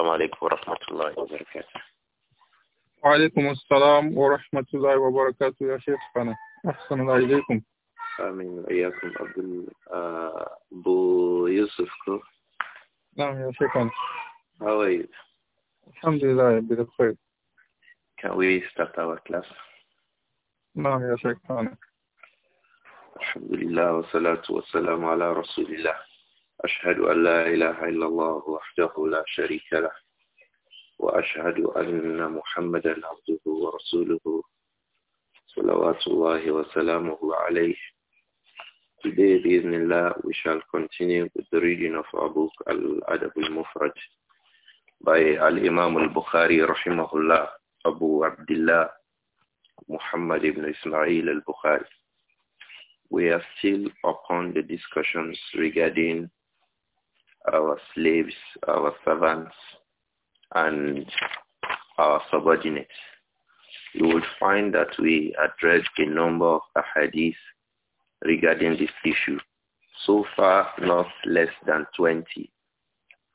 السلام عليكم ورحمة الله وبركاته وعليكم السلام ورحمة الله وبركاته يا شيخنا أحسن الله إليكم آمين وإياكم عبد آه، أبو يوسف نعم يا شيخنا How are you? Alhamdulillah, بخير Can we start our class? نعم يا شيخنا الحمد لله والصلاة والسلام على رسول الله أشهد أن لا إله إلا الله وحده لا شريك له وأشهد أن عبده ورسوله صلوات الله وسلامه عليه Today, we shall continue with the reading of our book, Al-Adab al-Mufrad, by Al-Imam al-Bukhari, rahimahullah, Abu Abdullah, Muhammad ibn Ismail al-Bukhari. We are still upon the discussions regarding our slaves, our servants, and our subordinates. You will find that we addressed a number of ahadith regarding this issue. So far, not less than 20.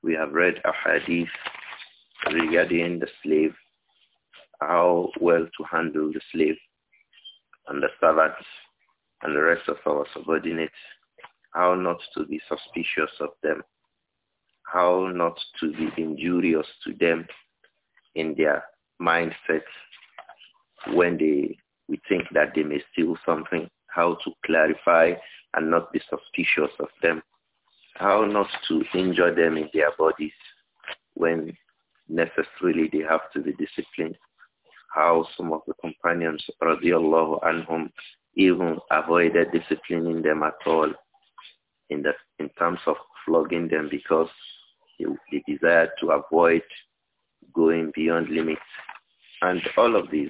We have read ahadith regarding the slave, how well to handle the slave and the servants and the rest of our subordinates, how not to be suspicious of them, how not to be injurious to them in their mindset when they we think that they may steal something, how to clarify and not be suspicious of them, how not to injure them in their bodies when necessarily they have to be disciplined, how some of the companions, radiallahu anhum, even avoided disciplining them at all in, the, in terms of flogging them because the desire to avoid going beyond limits. And all of these,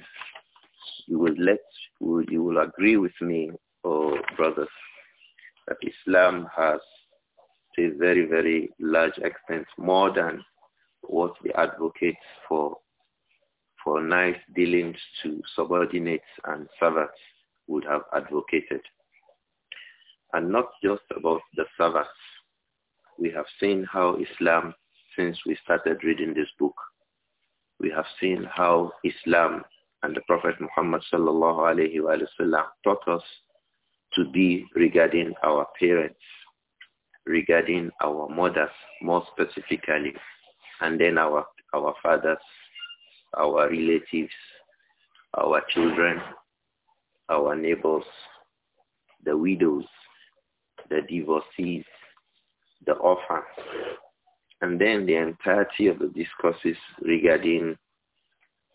you will let, you will agree with me, oh brothers, that Islam has to a very, very large extent more than what the advocates for for nice dealings to subordinates and servants would have advocated. And not just about the servants, we have seen how Islam, since we started reading this book, we have seen how Islam and the Prophet Muhammad sallallahu alayhi wa sallam taught us to be regarding our parents, regarding our mothers more specifically, and then our, our fathers, our relatives, our children, our neighbors, the widows, the divorcees, the offer, And then the entirety of the discourses regarding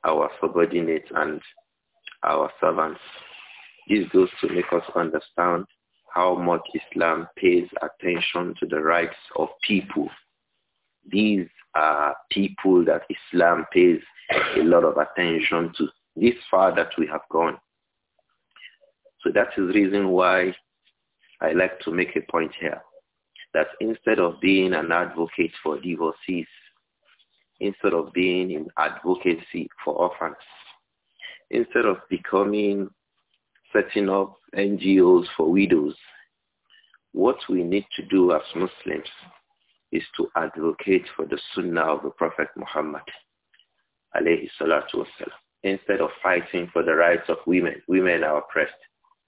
our subordinates and our servants. This goes to make us understand how much Islam pays attention to the rights of people. These are people that Islam pays a lot of attention to this far that we have gone. So that is the reason why I like to make a point here that instead of being an advocate for divorcees, instead of being in advocacy for orphans, instead of becoming setting up NGOs for widows, what we need to do as Muslims is to advocate for the Sunnah of the Prophet Muhammad alayhi salatu wasalam. Instead of fighting for the rights of women, women are oppressed,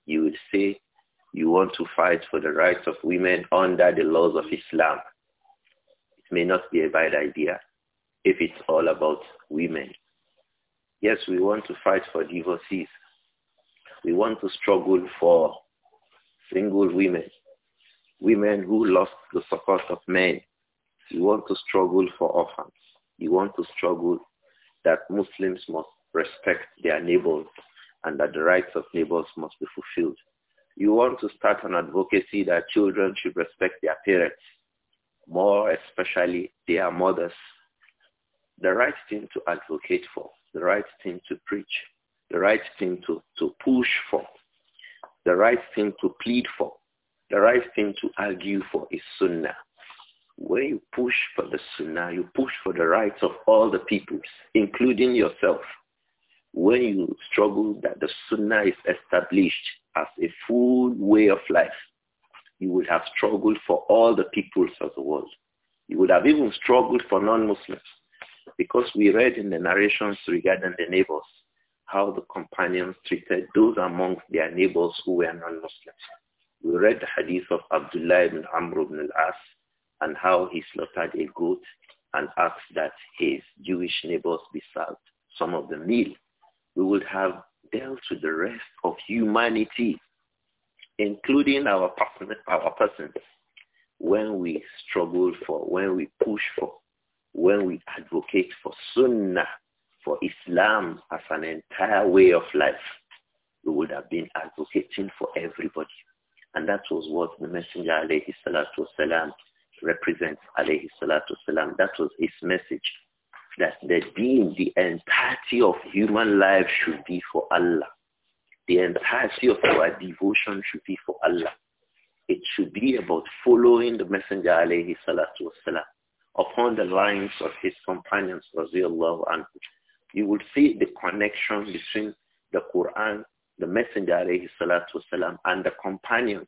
you would say you want to fight for the rights of women under the laws of Islam. It may not be a bad idea if it's all about women. Yes, we want to fight for divorcees. We want to struggle for single women, women who lost the support of men. We want to struggle for orphans. We want to struggle that Muslims must respect their neighbors and that the rights of neighbors must be fulfilled. You want to start an advocacy that children should respect their parents, more especially their mothers. The right thing to advocate for, the right thing to preach, the right thing to, to push for, the right thing to plead for, the right thing to argue for is sunnah. When you push for the sunnah, you push for the rights of all the peoples, including yourself. When you struggle that the sunnah is established, as a full way of life, you would have struggled for all the peoples of the world. You would have even struggled for non-Muslims because we read in the narrations regarding the neighbors how the companions treated those amongst their neighbors who were non-Muslims. We read the hadith of Abdullah ibn Amr ibn al-As and how he slaughtered a goat and asked that his Jewish neighbors be served some of the meal. We would have Dealt with the rest of humanity, including our person, our persons, when we struggle for, when we push for, when we advocate for Sunnah, for Islam as an entire way of life, we would have been advocating for everybody. And that was what the Messenger alayhi salatu wasalam represents alayhi salatu wasalam. That was his message that the deen, the entirety of human life should be for Allah. The entirety of our devotion should be for Allah. It should be about following the Messenger alayhi salatu wasalam upon the lines of his companions anhu. You will see the connection between the Quran, the Messenger alayhi salatu wasalam, and the companions,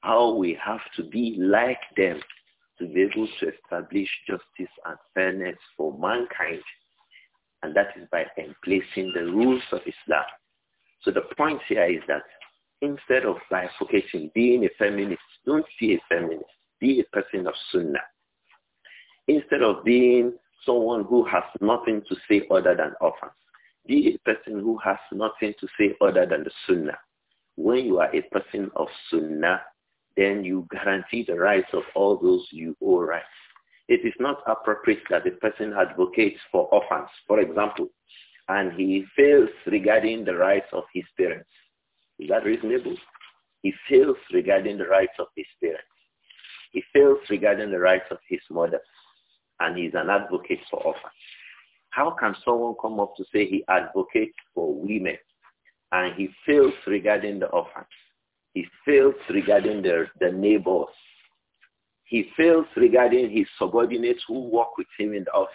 how we have to be like them to be able to establish justice and fairness for mankind. And that is by emplacing the rules of Islam. So the point here is that instead of bifurcating, being a feminist, don't be a feminist. Be a person of sunnah. Instead of being someone who has nothing to say other than offense, be a person who has nothing to say other than the sunnah. When you are a person of sunnah, then you guarantee the rights of all those you owe rights. It is not appropriate that a person advocates for orphans, for example, and he fails regarding the rights of his parents. Is that reasonable? He fails regarding the rights of his parents. He fails regarding the rights of his mother, and he's an advocate for orphans. How can someone come up to say he advocates for women and he fails regarding the orphans? He fails regarding the, the neighbors. He fails regarding his subordinates who work with him in the office.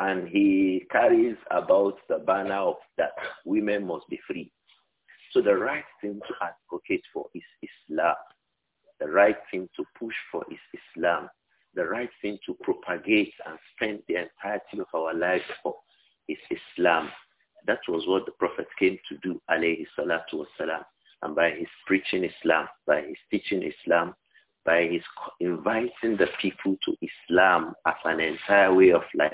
And he carries about the banner of that women must be free. So the right thing to advocate for is Islam. The right thing to push for is Islam. The right thing to propagate and spend the entirety of our lives for is Islam. That was what the Prophet came to do, alayhi salatu wasalam and by his preaching Islam, by his teaching Islam, by his inviting the people to Islam as an entire way of life.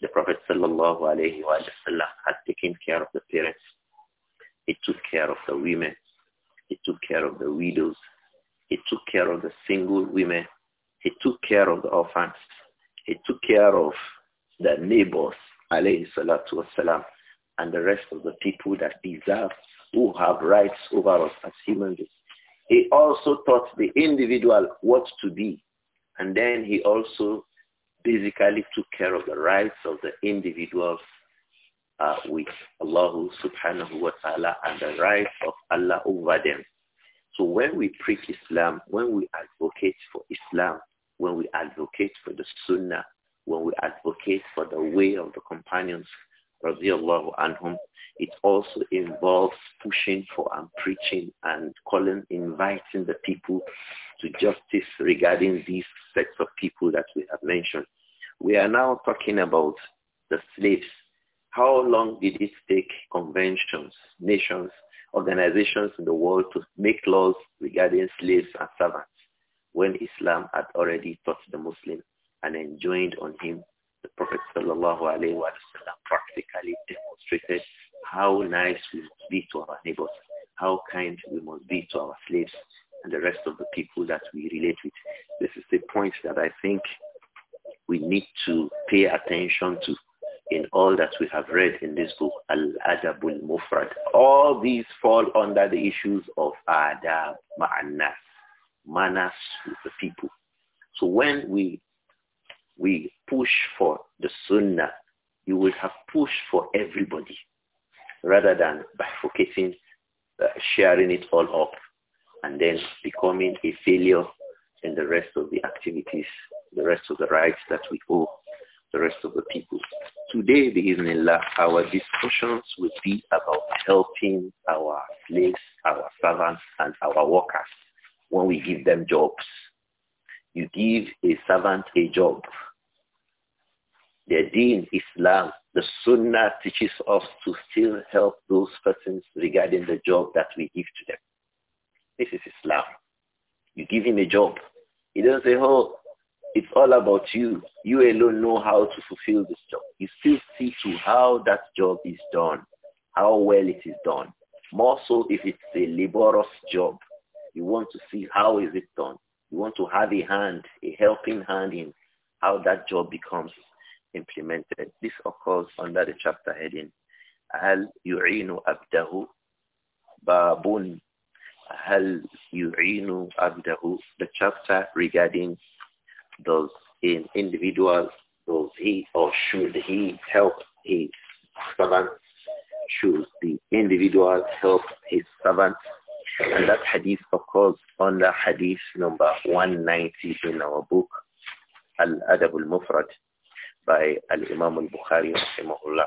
The Prophet sallallahu alaihi wasallam had taken care of the parents. He took care of the women. He took care of the widows. He took care of the single women. He took care of the orphans. He took care of the neighbors, alayhi salatu wasalam, and the rest of the people that deserved who have rights over us as human beings. He also taught the individual what to be. And then he also basically took care of the rights of the individuals uh, with Allah subhanahu wa ta'ala and the rights of Allah over them. So when we preach Islam, when we advocate for Islam, when we advocate for the Sunnah, when we advocate for the way of the companions, radiallahu anhum, it also involves pushing for and preaching and calling, inviting the people to justice regarding these sets of people that we have mentioned. We are now talking about the slaves. How long did it take conventions, nations, organizations in the world to make laws regarding slaves and servants when Islam had already taught the Muslim and enjoined on him the Prophet practically demonstrated how nice we must be to our neighbors, how kind we must be to our slaves and the rest of the people that we relate with. This is the point that I think we need to pay attention to in all that we have read in this book, Al-Adabul Mufrad. All these fall under the issues of adab, ma'anas, manners with the people. So when we we push for the sunnah, you would have pushed for everybody rather than bifurcating, uh, sharing it all up and then becoming a failure in the rest of the activities, the rest of the rights that we owe the rest of the people. Today, Bismillah, our discussions will be about helping our slaves, our servants, and our workers when we give them jobs you give a servant a job. The deen Islam, the Sunnah teaches us to still help those persons regarding the job that we give to them. This is Islam. You give him a job. He doesn't say, oh, it's all about you. You alone know how to fulfill this job. You still see to how that job is done, how well it is done. More so if it's a laborious job. You want to see how is it done. You want to have a hand, a helping hand in how that job becomes implemented. This occurs under the chapter heading, هل يعين عبده باب هل يعين عبده the chapter regarding does an individual does he or should he help his servant should the individual help his servant and that hadith occurs under hadith number 190 in our book, Al-Adab al-Mufrad, by Al-Imam al-Bukhari, rahimahullah.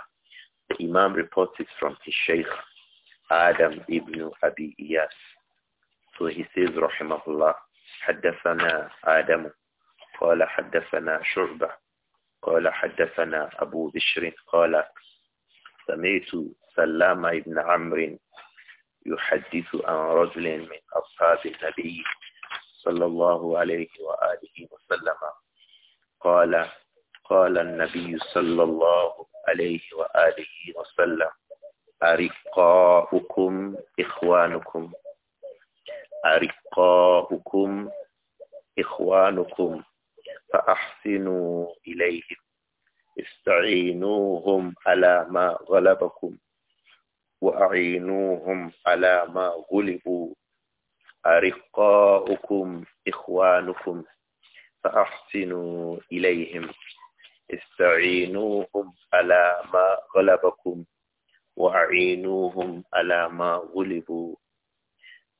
The Imam reports from his Shaykh, Adam ibn Abi Iyas. So he says, rahimahullah, حدثنا آدم قال حدثنا شعبة قال حدثنا أبو بشر قال سمعت سلام ابن عمرو يحدث عن رجل من أصحاب النبي صلى الله عليه وآله وسلم قال قال النبي صلى الله عليه وآله وسلم أرقاؤكم إخوانكم أرقاؤكم إخوانكم فأحسنوا إليهم استعينوهم على ما غلبكم وأعينوهم على ما غلبوا أرقاؤكم إخوانكم فأحسنوا إليهم استعينوهم على ما غلبكم وأعينوهم على ما غلبوا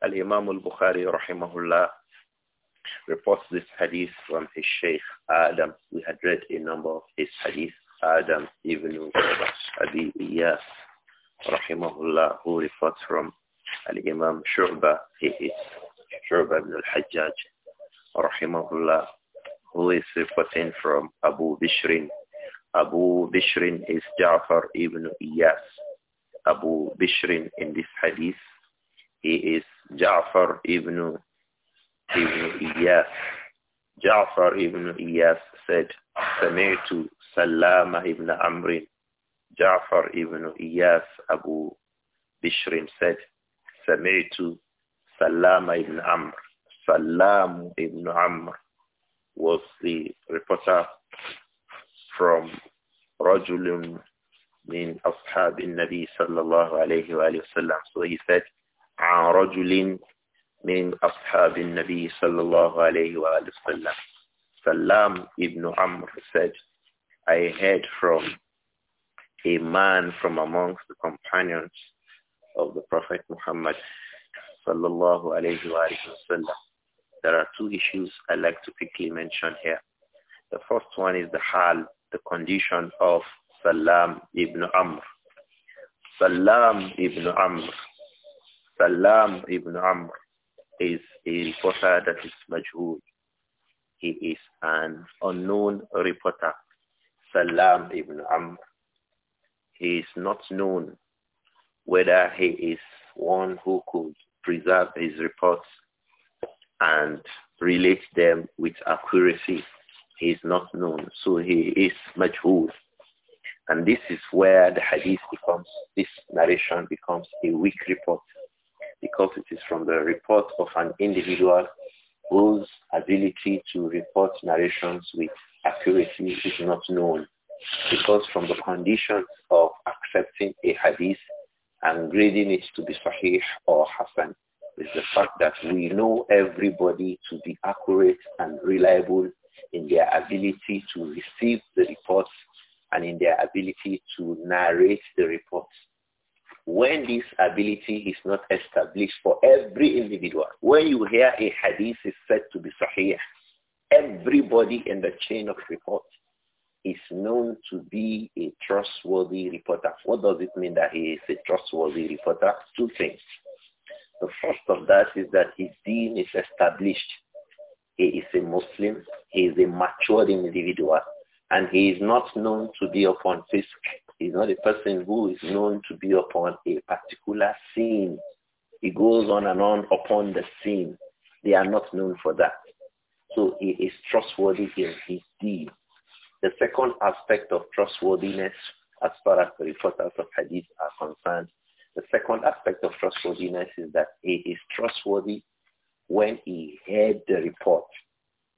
الإمام البخاري رحمه الله reports this hadith from his Sheikh Adam. We had read a number of his hadith. Adam ibn Abi Iyas rahimahullah, who reports from Al-Imam Shu'bah, he is Shu'bah ibn al-Hajjaj, rahimahullah, who is reporting from Abu Bishrin. Abu Bishrin is Ja'far ibn Iyas. Abu Bishrin in this hadith, he is Ja'far ibn, ibn Iyas. Ja'far ibn Iyas said, سمعت Salama ibn Amr Ja'far ibn Iyas Abu Bishrim said, Sami'tu Salama ibn Amr. Salam ibn Amr was the reporter from Rajulun min Ashab al-Nabi sallallahu alayhi wa sallam. So he said, عن رجل من أصحاب النبي صلى الله عليه وآله وسلم. Salam ibn Amr said, I heard from a man from amongst the companions of the Prophet Muhammad sallallahu alayhi wa sallam. There are two issues I'd like to quickly mention here. The first one is the hal, the condition of Salam ibn Amr. Salam ibn Amr. Salam ibn Amr is a reporter that is majhul. He is an unknown reporter. Salam ibn Amr he is not known whether he is one who could preserve his reports and relate them with accuracy. He is not known, so he is majhul. And this is where the hadith becomes, this narration becomes a weak report because it is from the report of an individual whose ability to report narrations with accuracy is not known. Because from the conditions of accepting a hadith and grading it to be sahih or hasan is the fact that we know everybody to be accurate and reliable in their ability to receive the reports and in their ability to narrate the reports. When this ability is not established for every individual, when you hear a hadith is said to be sahih, everybody in the chain of reports is known to be a trustworthy reporter. What does it mean that he is a trustworthy reporter? Two things. The first of that is that his deen is established. He is a Muslim. He is a matured individual. And he is not known to be upon fisk. He is not a person who is known to be upon a particular scene. He goes on and on upon the scene. They are not known for that. So he is trustworthy in his deed. The second aspect of trustworthiness as far as the reporters of hadith are concerned, the second aspect of trustworthiness is that is trustworthy when he heard the report.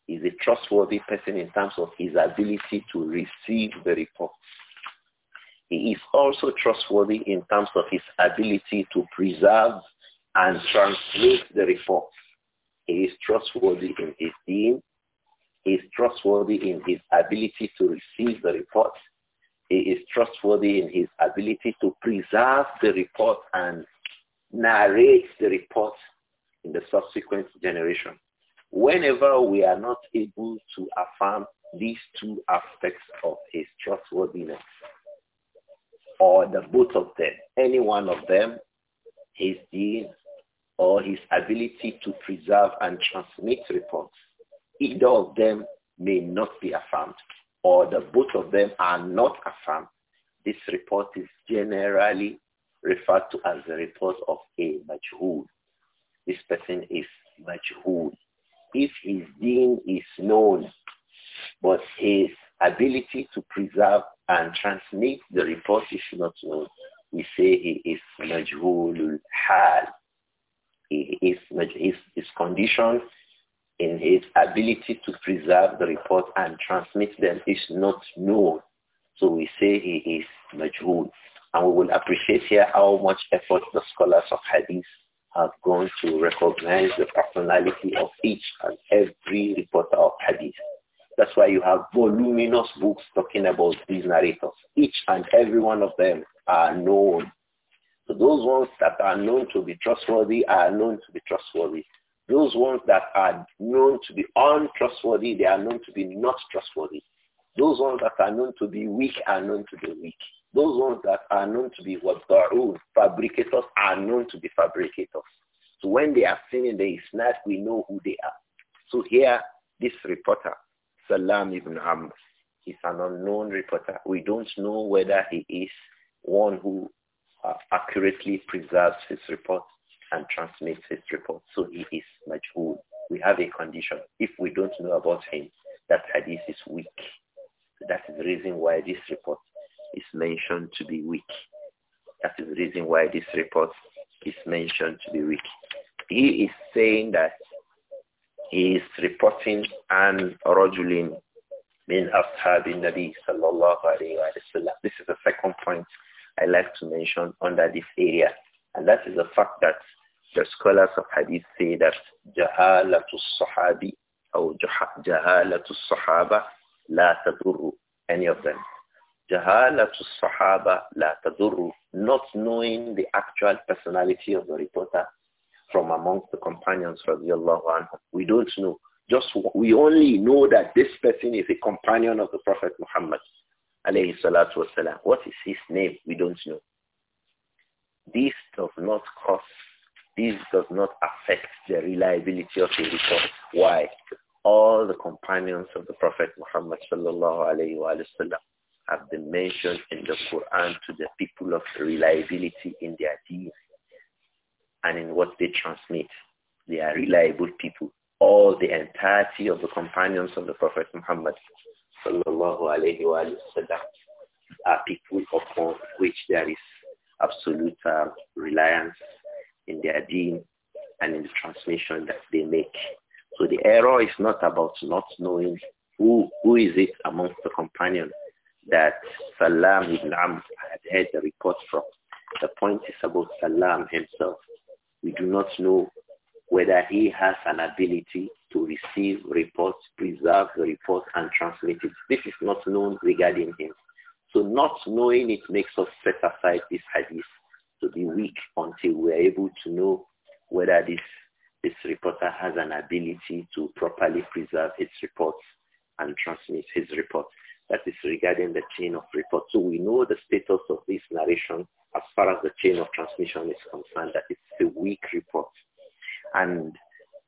He's a trustworthy person in terms of his ability to receive the report. He is also trustworthy in terms of his ability to preserve and translate the report. He is trustworthy in his deen he is trustworthy in his ability to receive the report. He is trustworthy in his ability to preserve the report and narrate the report in the subsequent generation. Whenever we are not able to affirm these two aspects of his trustworthiness, or the both of them, any one of them, his deeds or his ability to preserve and transmit reports, either of them may not be affirmed or the both of them are not affirmed, this report is generally referred to as the report of a majhul. This person is majhul. If his deen is known, but his ability to preserve and transmit the report is not known, we say he is majhulul hal. He is, his, his condition in his ability to preserve the report and transmit them is not known. So we say he is majhul. And we will appreciate here how much effort the scholars of hadith have gone to recognize the personality of each and every reporter of hadith. That's why you have voluminous books talking about these narrators. Each and every one of them are known. So those ones that are known to be trustworthy are known to be trustworthy. Those ones that are known to be untrustworthy, they are known to be not trustworthy. Those ones that are known to be weak are known to be weak. Those ones that are known to be what Darul, fabricators, are known to be fabricators. So when they are seen in the Isnad, we know who they are. So here, this reporter, Salam ibn Amr, is an unknown reporter. We don't know whether he is one who uh, accurately preserves his reports and transmits his report. So he is majhul. We have a condition. If we don't know about him, that hadith is weak. That is the reason why this report is mentioned to be weak. That is the reason why this report is mentioned to be weak. He is saying that he is reporting an rajulin min ashabin nabi sallallahu alayhi wa This is the second point I like to mention under this area. And that is the fact that the scholars of hadith say that jahalatu sahabi or jahalatu sahaba la tadurru any of them. Jahalatu sahaba la tadurru, not knowing the actual personality of the reporter from amongst the companions radiallahu anhu. We don't know. Just we only know that this person is a companion of the Prophet Muhammad alayhi salatu wasalam. What is his name? We don't know. This does not cause this does not affect the reliability of the report. Why? All the companions of the Prophet Muhammad sallallahu alayhi wa sallam have been mentioned in the Quran to the people of reliability in their deeds and in what they transmit. They are reliable people. All the entirety of the companions of the Prophet Muhammad sallallahu alayhi wa sallam are people upon which there is absolute uh, reliance in their deed and in the transmission that they make. So the error is not about not knowing who, who is it amongst the companions that Salam ibn Amr had heard the report from. The point is about Salam himself. We do not know whether he has an ability to receive reports, preserve the report, and transmit it. This is not known regarding him. So not knowing it makes us set aside this hadith Week until we're able to know whether this, this reporter has an ability to properly preserve his reports and transmit his report That is regarding the chain of reports. So we know the status of this narration as far as the chain of transmission is concerned, that it's a weak report. And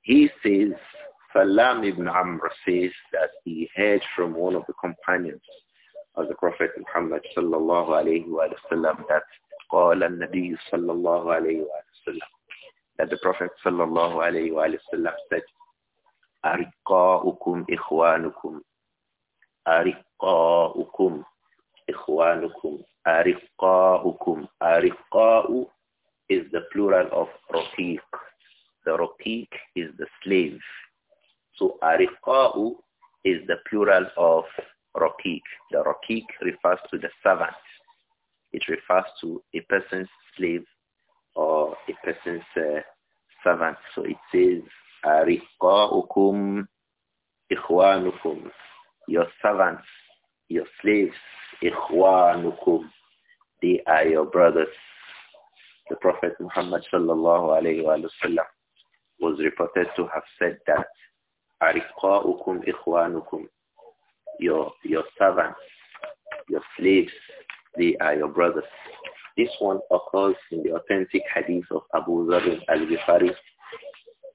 he says, Salam ibn Amr says that he heard from one of the companions of the Prophet Muhammad sallallahu alayhi wa sallam that قال النبي صلى الله عليه وسلم that the Prophet صلى الله عليه وسلم said أرقاؤكم إخوانكم أرقاؤكم إخوانكم أرقاؤكم أرقاء is the plural of رقيق the رقيق is the slave so أرقاء is the plural of رقيق the رقيق refers to the servant it refers to a person's slave or a person's uh, servant. So it says, Ariqa'ukum ikhwanukum. Your servants, your slaves, ikhwanukum. They are your brothers. The Prophet Muhammad sallallahu alayhi wa sallam was reported to have said that Ariqa'ukum ikhwanukum. Your, your servants, your slaves, they are your brothers. This one occurs in the authentic hadith of Abu Dharr al-Ghifari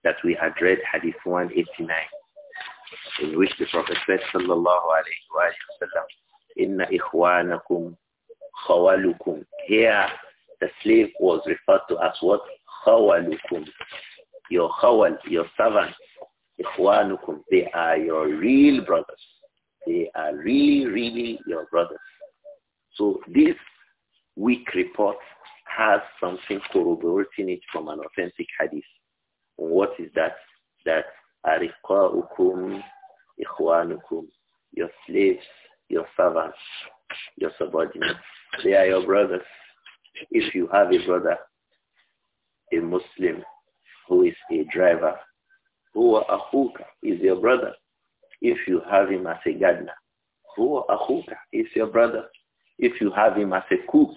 that we had read hadith 189 in which the Prophet said sallallahu alayhi wa sallam inna ikhwanakum khawalukum here the slave was referred to as what khawalukum your khawal your servant ikhwanukum they are your real brothers they are really really your brothers so this weak report has something corroborating it from an authentic hadith. What is that? That ukum ikhwanukum. Your slaves, your servants, your subordinates. They are your brothers. If you have a brother, a Muslim, who is a driver, who ahuka is your brother. If you have him as a gardener, who ahuka is your brother. If you have him as a cook,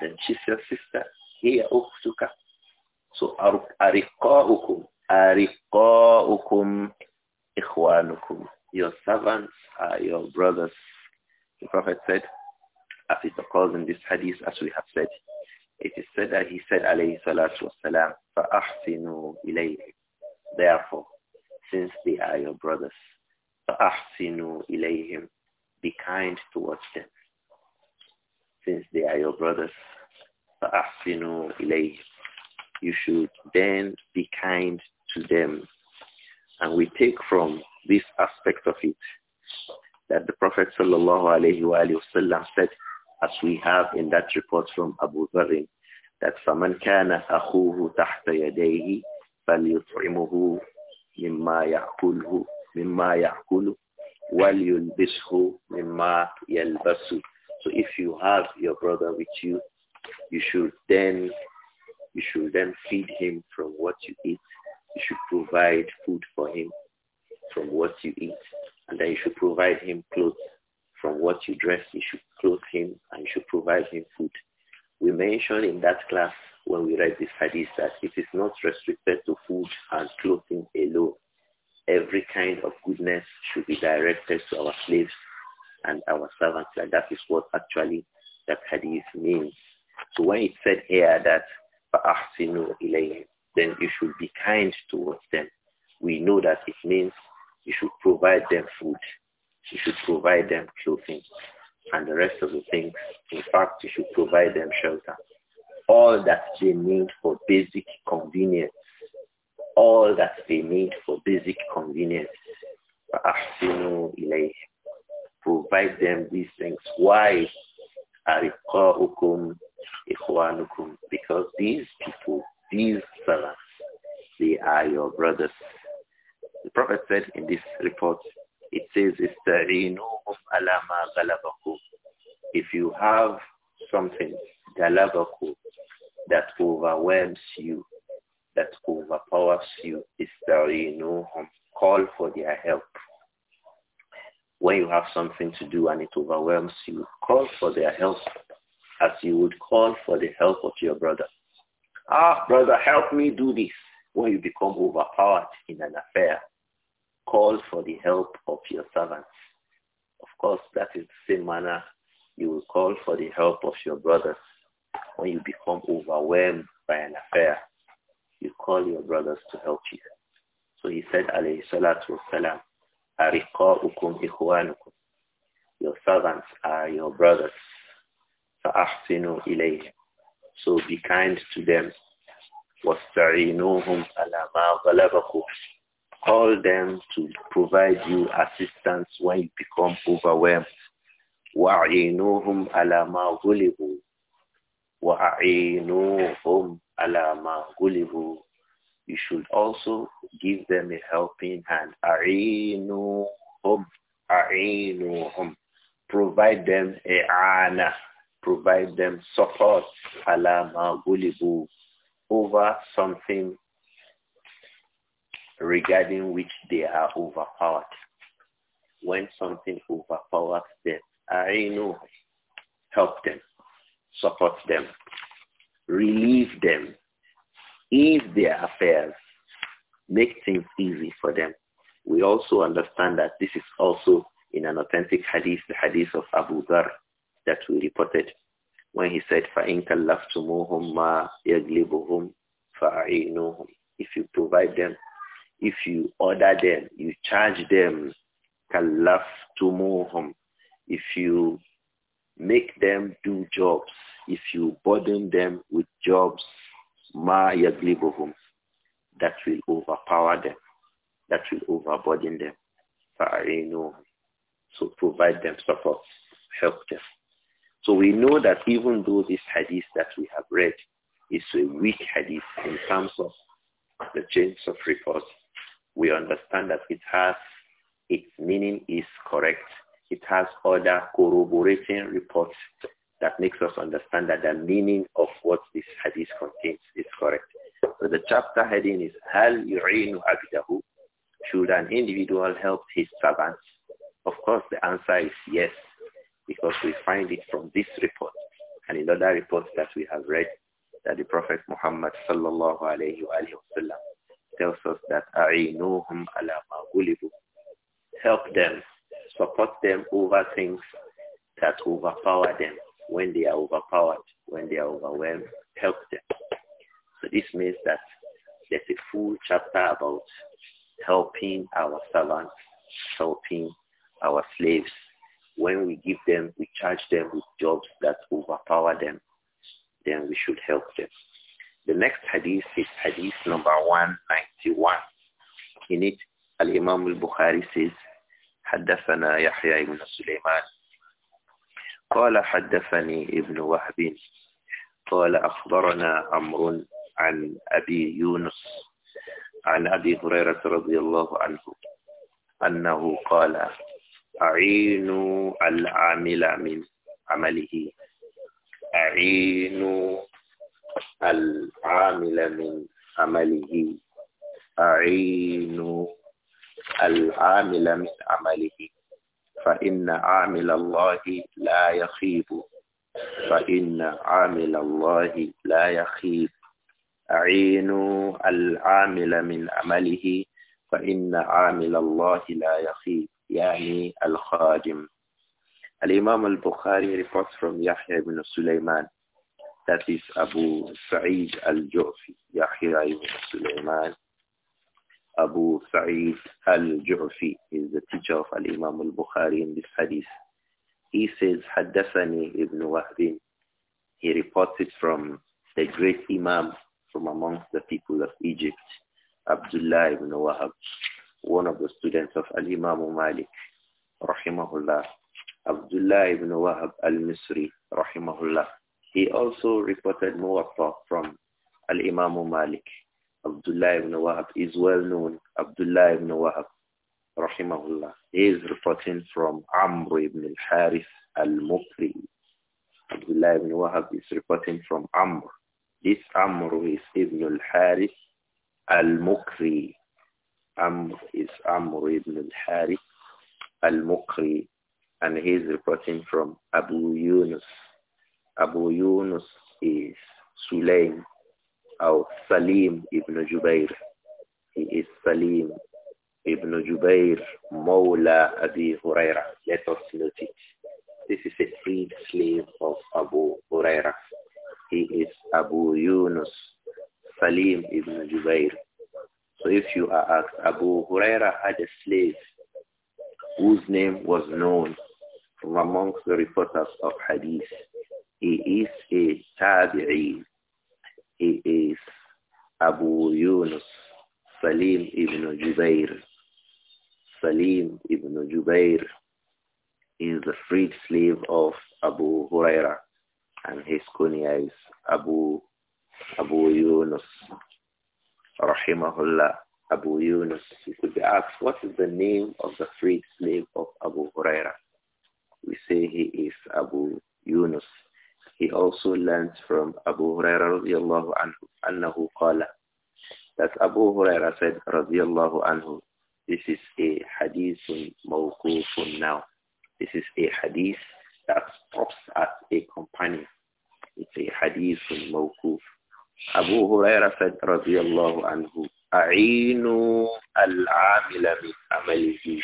then she's your sister. Here, uktuka. So ariqa'ukum, ariqa'ukum, ikhwanukum. Your servants are your brothers. The Prophet said, as it occurs in this hadith, as we have said, it is said that he said, alayhi salatu wasalam, فَأَحْسِنُوا إِلَيْهِ Therefore, since they are your brothers, فَأَحْسِنُوا إِلَيْهِمْ Be kind towards them since they are your brothers. فَأَحْسِنُوا إِلَيْهِ You should then be kind to them. And we take from this aspect of it that the Prophet sallallahu said, as we have in that report from Abu Dharr, that فَمَنْ كَانَ أَخُوهُ تَحْتَ يَدَيْهِ فَلْيُطْعِمُهُ مِمَّا يَأْكُلُهُ مِمَّا يَأْكُلُهُ وَلْيُلْبِسْهُ مِمَّا يَلْبَسُهُ so if you have your brother with you, you should then you should then feed him from what you eat. You should provide food for him from what you eat. And then you should provide him clothes from what you dress. You should clothe him and you should provide him food. We mentioned in that class when we read this hadith that it is not restricted to food and clothing alone. Every kind of goodness should be directed to our slaves and our servants. Like that is what actually that hadith means. So when it said here that فَأَحْسِنُوا إِلَيْهِمْ then you should be kind towards them. We know that it means you should provide them food. You should provide them clothing and the rest of the things. In fact, you should provide them shelter. All that they need for basic convenience. All that they need for basic provide them these things. Why? Because these people, these fellows, they are your brothers. The Prophet said in this report, it says, If you have something, galabaku, that overwhelms you, that overpowers you, call for their help. When you have something to do and it overwhelms you, call for their help as you would call for the help of your brother. Ah, brother, help me do this. When you become overpowered in an affair, call for the help of your servants. Of course, that is the same manner you will call for the help of your brothers. When you become overwhelmed by an affair, you call your brothers to help you. So he said, alayhi salatu wasalam, أرقاؤكم إخوانكم Your servants are your brothers. فأحسنوا إليهم So be kind to them. واستعينوهم على ما غلبكم Call them to provide you assistance when you become overwhelmed. وأعينوهم على ما غلبوا وأعينوهم على ما غلبوا You should also give them a helping hand. A'inuhum. Provide them aana. Provide them support. Alama gulibu. Over something regarding which they are overpowered. When something overpowers them, A'inuhum. Help them. Support them. Relieve them. Ease their affairs things easy for them. We also understand that this is also in an authentic hadith, the hadith of Abu Dhar that we reported when he said, فَإِن كَلَّفْتُمُوهُمْ يَغْلِبُهُمْ فَأَعِنُوهُمْ If you provide them, if you order them, you charge them, كَلَّفْتُمُوهُمْ If you make them do jobs, if you burden them with jobs, ma يَغْلِبُهُمْ that will overpower them, that will overburden them. So provide them support, help them. So we know that even though this hadith that we have read is a weak hadith in terms of the chains of reports, we understand that it has, its meaning is correct. It has other corroborating reports that makes us understand that the meaning of what this hadith contains is correct. The chapter heading is Hal yu'inu abidahu. Should an individual help his servants? Of course, the answer is yes, because we find it from this report and in other reports that we have read that the Prophet Muhammad sallallahu alayhi wa sallam tells us that a'inuhum ala ma Help them, support them over things that overpower them when they are overpowered, when they are overwhelmed, help them. So this means that there's a full chapter about helping our servants, helping our slaves. When we give them, we charge them with jobs that overpower them, then we should help them. The next hadith is hadith number 191. In it, Al-Imam al-Bukhari says, حدثنا يحيى بن سليمان قال حدثني ابن وهب قال أخبرنا أمر عن أبي يونس عن أبي هريرة رضي الله عنه أنه قال أعينوا العامل من عمله أعينوا العامل من عمله أعينوا العامل من عمله فإن عامل الله لا يخيب فإن عامل الله لا يخيب أعينوا العامل من عمله فإن عامل الله لا يخيب يعني الخادم الإمام البخاري reports from Yahya ibn Sulaiman that is Abu Sa'id al-Ju'fi Yahya ibn Sulaiman Abu Sa'id al-Ju'fi is the teacher of Al-Imam al-Bukhari in this hadith he says حدثني ibn Wahdin he reports it from the great Imam from amongst the people of Egypt, Abdullah ibn Wahab, one of the students of Al-Imam Malik, rahimahullah. Abdullah ibn Wahab al-Misri, rahimahullah. He also reported Muwatta from Al-Imam Malik. Abdullah ibn Wahab is well known. Abdullah ibn Wahab, rahimahullah. He is reporting from Amr ibn al-Harith al-Mukri. Abdullah ibn Wahab is reporting from Amr this Amr is Ibn al-Harith al-Mukri. Amr is Amr ibn al-Harith al-Mukri. And he is reporting from Abu Yunus. Abu Yunus is Sulaim or Salim ibn Jubair. He is Salim ibn Jubair Mawla Abi Huraira. Let us note it. This is a freed slave of Abu Huraira. He is Abu Yunus Salim ibn Jubair. So if you are asked, Abu Huraira had a slave whose name was known from amongst the reporters of Hadith. He is a Tabi'i. He is Abu Yunus Salim ibn Jubair. Salim ibn Jubair is the freed slave of Abu Huraira and his kunya is Abu Abu Yunus, rahimahullah. Abu Yunus. He could be asked, what is the name of the freed slave of Abu Huraira? We say he is Abu Yunus. He also learns from Abu Huraira radiallahu anhu, annahu qala. That Abu Huraira said radiallahu anhu, this is a hadith mawqufun now. This is a hadith as a companion. It's a hadith mawkuf. Abu Huraira said, radiyallahu anhu, A'inu al-amila min amalihi.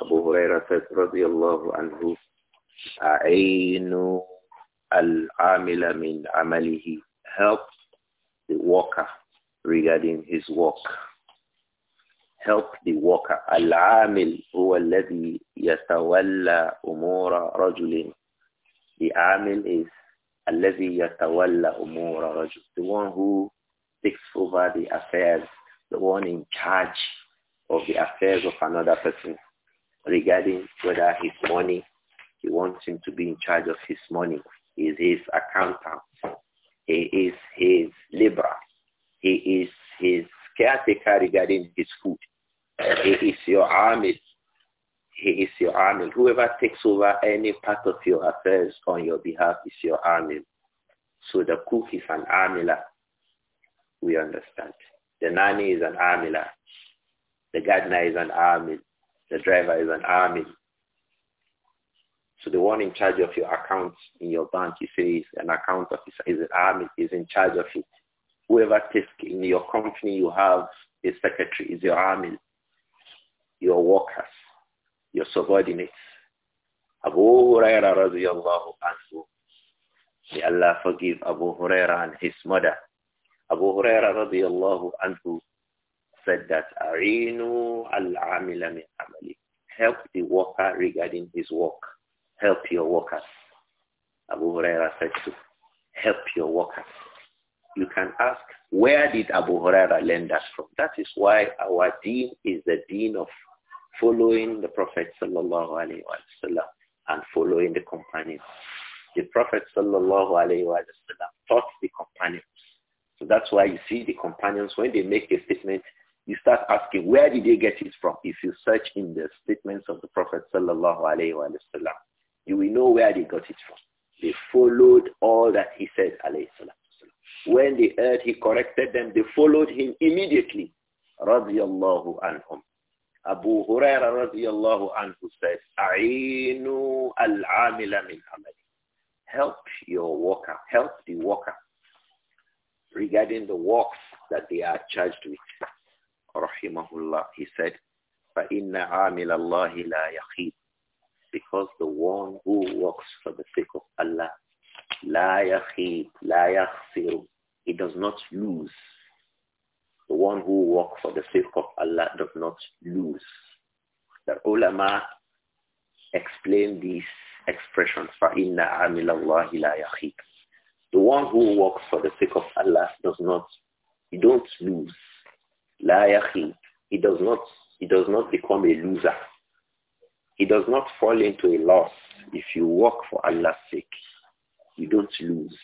Abu Huraira said, radiyallahu anhu, A'inu al-amila min amalihi. Help the worker regarding his work help the worker. Al-amil huwa alladhi yatawalla umura rajulin. The amil is alladhi yatawalla umura rajul. The one who takes over the affairs, the one in charge of the affairs of another person regarding whether his money, he wants him to be in charge of his money. is his accountant. He is his libra. He is his caretaker regarding his food. He is your army. He is your army. Whoever takes over any part of your affairs on your behalf is your army. So the cook is an amila. We understand. The nanny is an amila. The gardener is an army. The driver is an army. So the one in charge of your accounts in your bank, he says an account officer is an army, is in charge of it. Whoever takes in your company you have a secretary is your army your workers, your subordinates. Abu Huraira radiallahu anhu. May Allah forgive Abu Huraira and his mother. Abu Huraira radiallahu anhu said that Arinu al-amila min amali. Help the worker regarding his work. Help your workers. Abu Huraira said to help your workers. You can ask, where did Abu Huraira learn that from? That is why our deen is the deen of following the Prophet sallallahu alaihi wasallam and following the companions. The Prophet sallallahu alaihi wasallam taught the companions. So that's why you see the companions when they make a statement, you start asking where did they get it from? If you search in the statements of the Prophet sallallahu alaihi wasallam, you will know where they got it from. They followed all that he said alayhi salam. When they heard he corrected them, they followed him immediately. Radiallahu anhum. Abu Huraira radiallahu anhu says, A'inu al-amila min amali. Help your worker, help the worker regarding the works that they are charged with. Rahimahullah, he said, فَإِنَّ عَامِلَ اللَّهِ لَا يَخِيبُ Because the one who works for the sake of Allah, لَا يَخِيبُ لَا يَخْسِرُ He does not lose the one who works for the sake of Allah does not lose. The ulama explain this expression: فَإِنَّ عَمِلَ اللَّهِ لَا يَخِيكَ The one who works for the sake of Allah does not, he don't lose. لَا He does not, he does not become a loser. He does not fall into a loss. If you work for Allah's sake, you don't lose.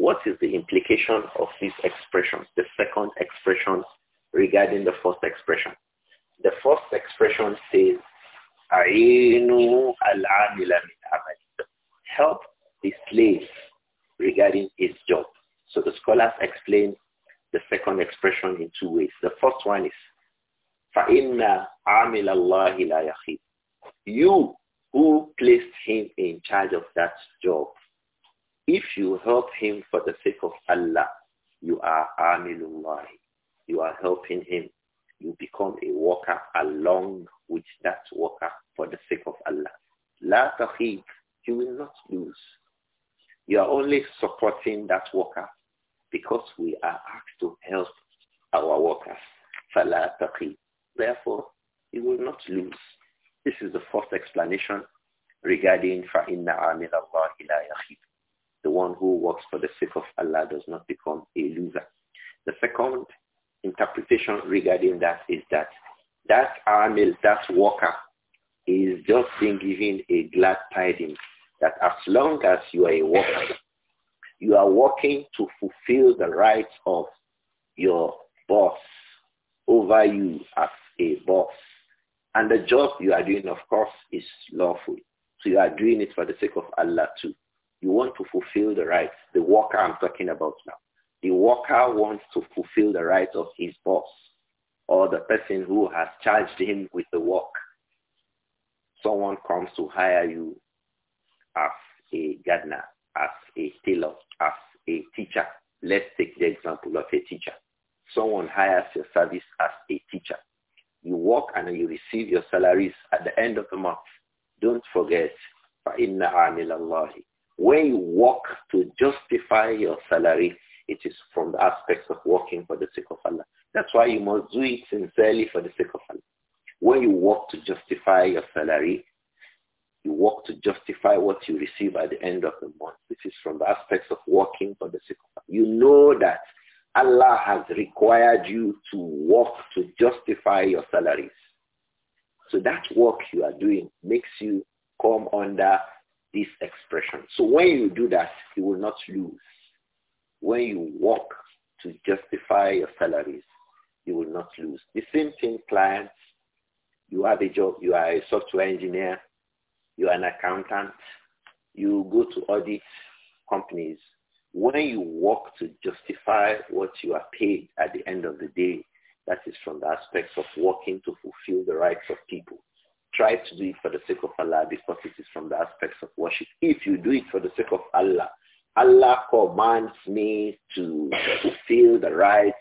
What is the implication of these expressions, the second expression regarding the first expression? The first expression says, A'inu al-amila min Help the slave regarding his job. So the scholars explain the second expression in two ways. The first one is, فَإِنَّ عَمِلَ اللَّهِ لَا You who placed him in charge of that job if you help him for the sake of Allah, you are amilullah. You are helping him. You become a worker along with that worker for the sake of Allah. La tafid, you will not lose. You are only supporting that worker because we are asked to help our workers. Fala Therefore, you will not lose. This is the first explanation regarding فَإِنَّ عَامِلَ اللَّهِ لَا يَخِيبُ the one who works for the sake of Allah does not become a loser. The second interpretation regarding that is that that amil, that worker, is just being given a glad tidings that as long as you are a worker, you are working to fulfill the rights of your boss over you as a boss. And the job you are doing, of course, is lawful. So you are doing it for the sake of Allah too. You want to fulfill the rights. The worker I'm talking about now. The worker wants to fulfill the rights of his boss or the person who has charged him with the work. Someone comes to hire you as a gardener, as a tailor, as a teacher. Let's take the example of a teacher. Someone hires your service as a teacher. You work and you receive your salaries at the end of the month. Don't forget, فَإِنَّ عَامِلَ اللَّهِ when you work to justify your salary, it is from the aspects of working for the sake of Allah. That's why you must do it sincerely for the sake of Allah. When you work to justify your salary, you work to justify what you receive at the end of the month. This is from the aspects of working for the sake of Allah. You know that Allah has required you to work to justify your salaries. So that work you are doing makes you come under this expression. So when you do that, you will not lose. When you work to justify your salaries, you will not lose. The same thing, clients, you have a job, you are a software engineer, you are an accountant, you go to audit companies. When you work to justify what you are paid at the end of the day, that is from the aspects of working to fulfill the rights of people try to do it for the sake of Allah because it is from the aspects of worship. If you do it for the sake of Allah, Allah commands me to fulfill the rights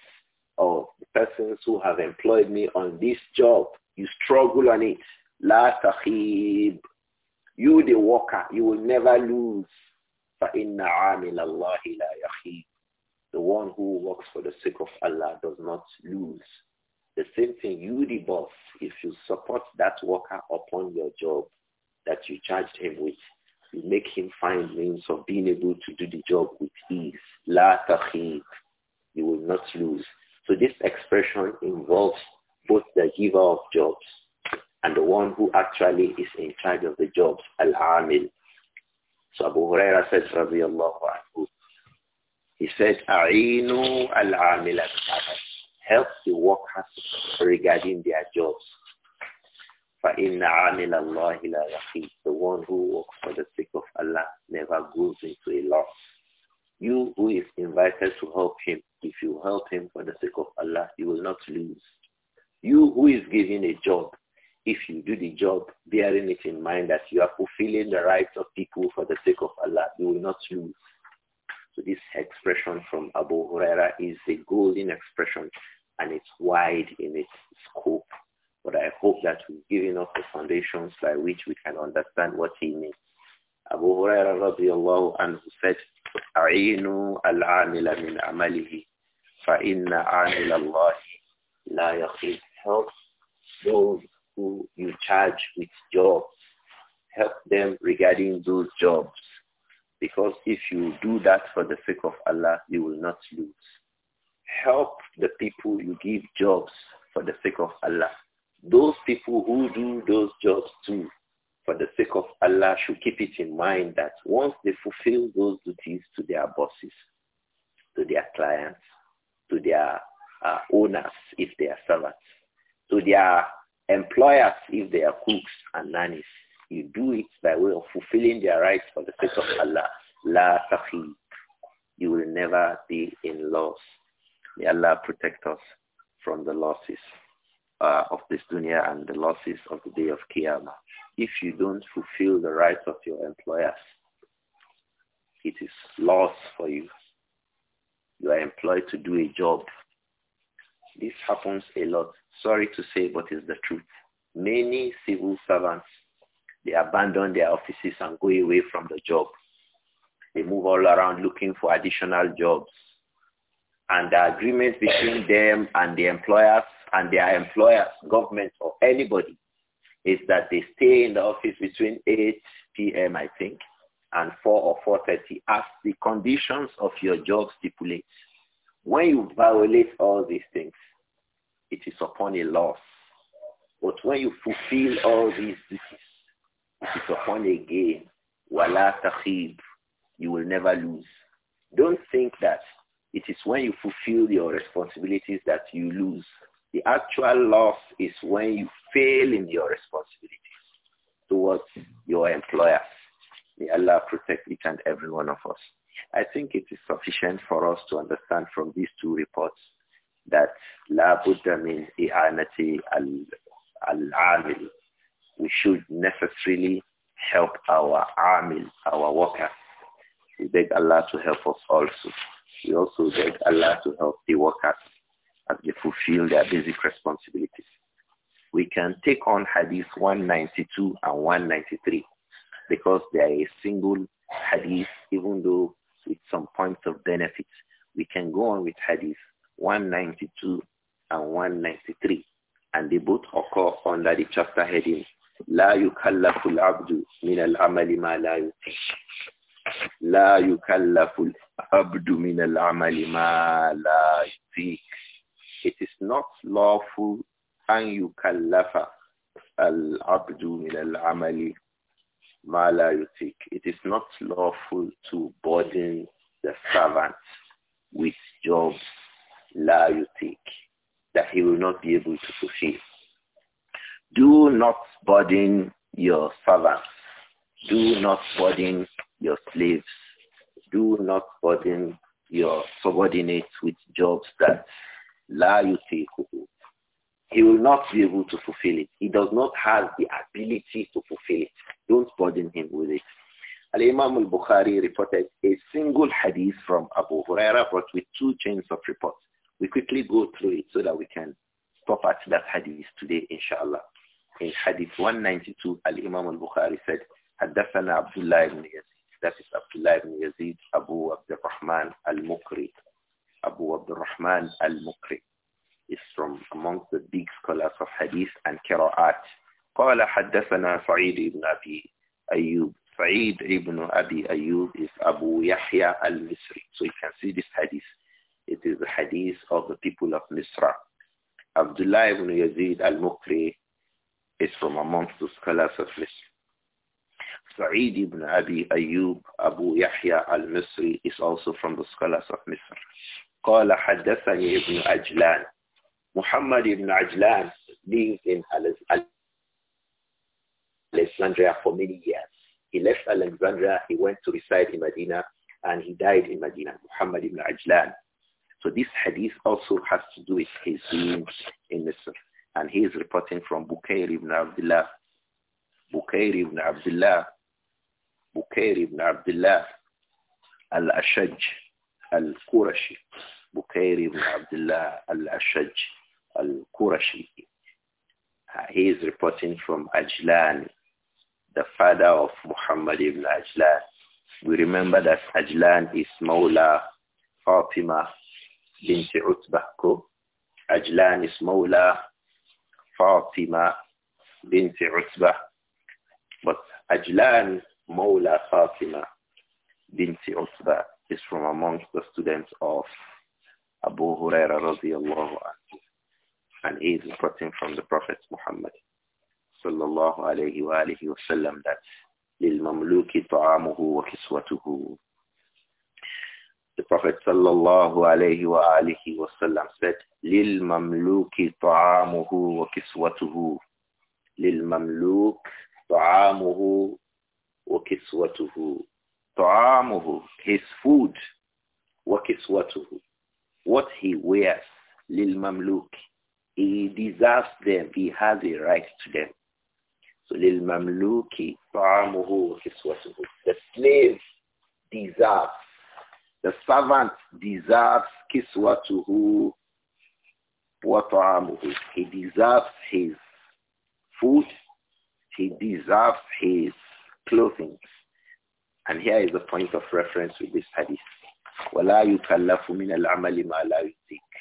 of the persons who have employed me on this job. You struggle on it. La tahib. You the worker, you will never lose. The one who works for the sake of Allah does not lose. The same thing you the boss, if you support that worker upon your job that you charged him with. You make him find means of being able to do the job with ease. La tachid. You will not lose. So this expression involves both the giver of jobs and the one who actually is in charge of the jobs, al-amil. So Abu Huraira says, radiyallahu anhu, he said, A'inu al-amil al helps the workers regarding their jobs. فَإِنَّ اللَّهِ The one who works for the sake of Allah never goes into a loss. You who is invited to help him, if you help him for the sake of Allah, you will not lose. You who is given a job, if you do the job, bearing it in mind that you are fulfilling the rights of people for the sake of Allah, you will not lose. So this expression from Abu Huraira is a golden expression and it's wide in its scope. But I hope that we've given us the foundations by which we can understand what he means. Abu Hurairah radiallahu anhu said, al العامل min Amalihi, فإن عامل الله لا يخيب. Help those who you charge with jobs. Help them regarding those jobs. Because if you do that for the sake of Allah, you will not lose help the people you give jobs for the sake of Allah. Those people who do those jobs too, for the sake of Allah, should keep it in mind that once they fulfill those duties to their bosses, to their clients, to their uh, owners if they are servants, to their employers if they are cooks and nannies, you do it by way of fulfilling their rights for the sake of Allah. La taqi. You will never be in loss May Allah protect us from the losses uh, of this dunya and the losses of the day of Qiyamah. If you don't fulfill the rights of your employers, it is loss for you. You are employed to do a job. This happens a lot. Sorry to say, but it's the truth. Many civil servants, they abandon their offices and go away from the job. They move all around looking for additional jobs and the agreement between them and the employers and their employers, government or anybody, is that they stay in the office between 8 p.m., I think, and 4 or 4.30 as the conditions of your job stipulate. When you violate all these things, it is upon a loss. But when you fulfill all these duties, it is upon a gain. Wala You will never lose. Don't think that it is when you fulfill your responsibilities that you lose. The actual loss is when you fail in your responsibilities towards your employer. May Allah protect each and every one of us. I think it is sufficient for us to understand from these two reports that la budda min al-amil. We should necessarily help our amil, our worker. We beg Allah to help us also. We also a Allah to help the workers as they fulfill their basic responsibilities. We can take on Hadith 192 and 193 because they are a single Hadith, even though with some points of benefit. We can go on with Hadith 192 and 193, and they both occur under the chapter heading al-Abdu min al-Amali ma la يطيق لا يكلف العبد من العمل ما لا يطيق It is not lawful أن يكلف الأبد من العمل ما لا يطيق It is not lawful to burden the servant with jobs لا يطيق that he will not be able to fulfill. Do not burden your servants. Do not burden your slaves. Do not burden your subordinates with jobs that la yutiquhu. He will not be able to fulfill it. He does not have the ability to fulfill it. Don't burden him with it. Al-Imam al-Bukhari reported a single hadith from Abu Huraira but with two chains of reports. We quickly go through it so that we can stop at that hadith today, inshallah. In hadith 192, Al-Imam al-Bukhari said, حدثنا عبد الله بن يزيد that is Abdullah ibn Yazid Abu Abdurrahman al-Mukri. Abu Abdurrahman al-Mukri is from amongst the big scholars of hadith and qira'at. قال حدثنا سعيد ابن أبي أيوب سعيد ابن أبي أيوب is Abu Yahya al-Misri. So you can see this hadith. It is the hadith of the people of Misra. Abdullah ibn Yazid al-Mukri is from amongst the scholars of Misra. Sa'id ibn Abi Ayyub Abu Yahya al-Misri is also from the scholars of Misr. قال حدثني ابن عجلان Muhammad ibn Ajlan lived in Alexandria for many years. He left Alexandria, he went to reside in Medina, and he died in Medina, Muhammad ibn Ajlan. So this hadith also has to do with his being in Misr. And he is reporting from Bukair ibn Abdullah. Bukair ibn Abdullah Bukair ibn Abdullah al-Ashaj al-Qurashi. Bukair ibn Abdullah al-Ashaj al-Qurashi. Uh, he is reporting from Ajlan, the father of Muhammad ibn Ajlan. We remember that Ajlan is Mawla Fatima bint Utbah. Ajlan is Mawla Fatima bint Utbah. But Ajlan Mawla Fatima binti Utba is from amongst the students of Abu Huraira radiallahu anhu. And he is reporting from the Prophet Muhammad sallallahu alayhi wa alihi wa sallam that لِلْمَمْلُوكِ طَعَامُهُ وَكِسْوَتُهُ The Prophet sallallahu alayhi wa alihi wa sallam said لِلْمَمْلُوكِ طَعَامُهُ وَكِسْوَتُهُ لِلْمَمْلُوكِ طَعَامُهُ وَكِسْوَتُهُ طَعَامُهُ His food. وَكِسْوَتُهُ What he wears. لِلْمَمْلُوكِ He deserves them. He has a right to them. So لِلْمَمْلُوكِ طَعَامُهُ وَكِسْوَتُهُ The slave deserves. The servant deserves kiswatuhu wa ta'amuhu. He deserves his food. He deserves his clothing. And here is the point of reference with this hadith. وَلَا يُكَلَّفُ مِنَ الْعَمَلِ مَا لَا يُتِيكُ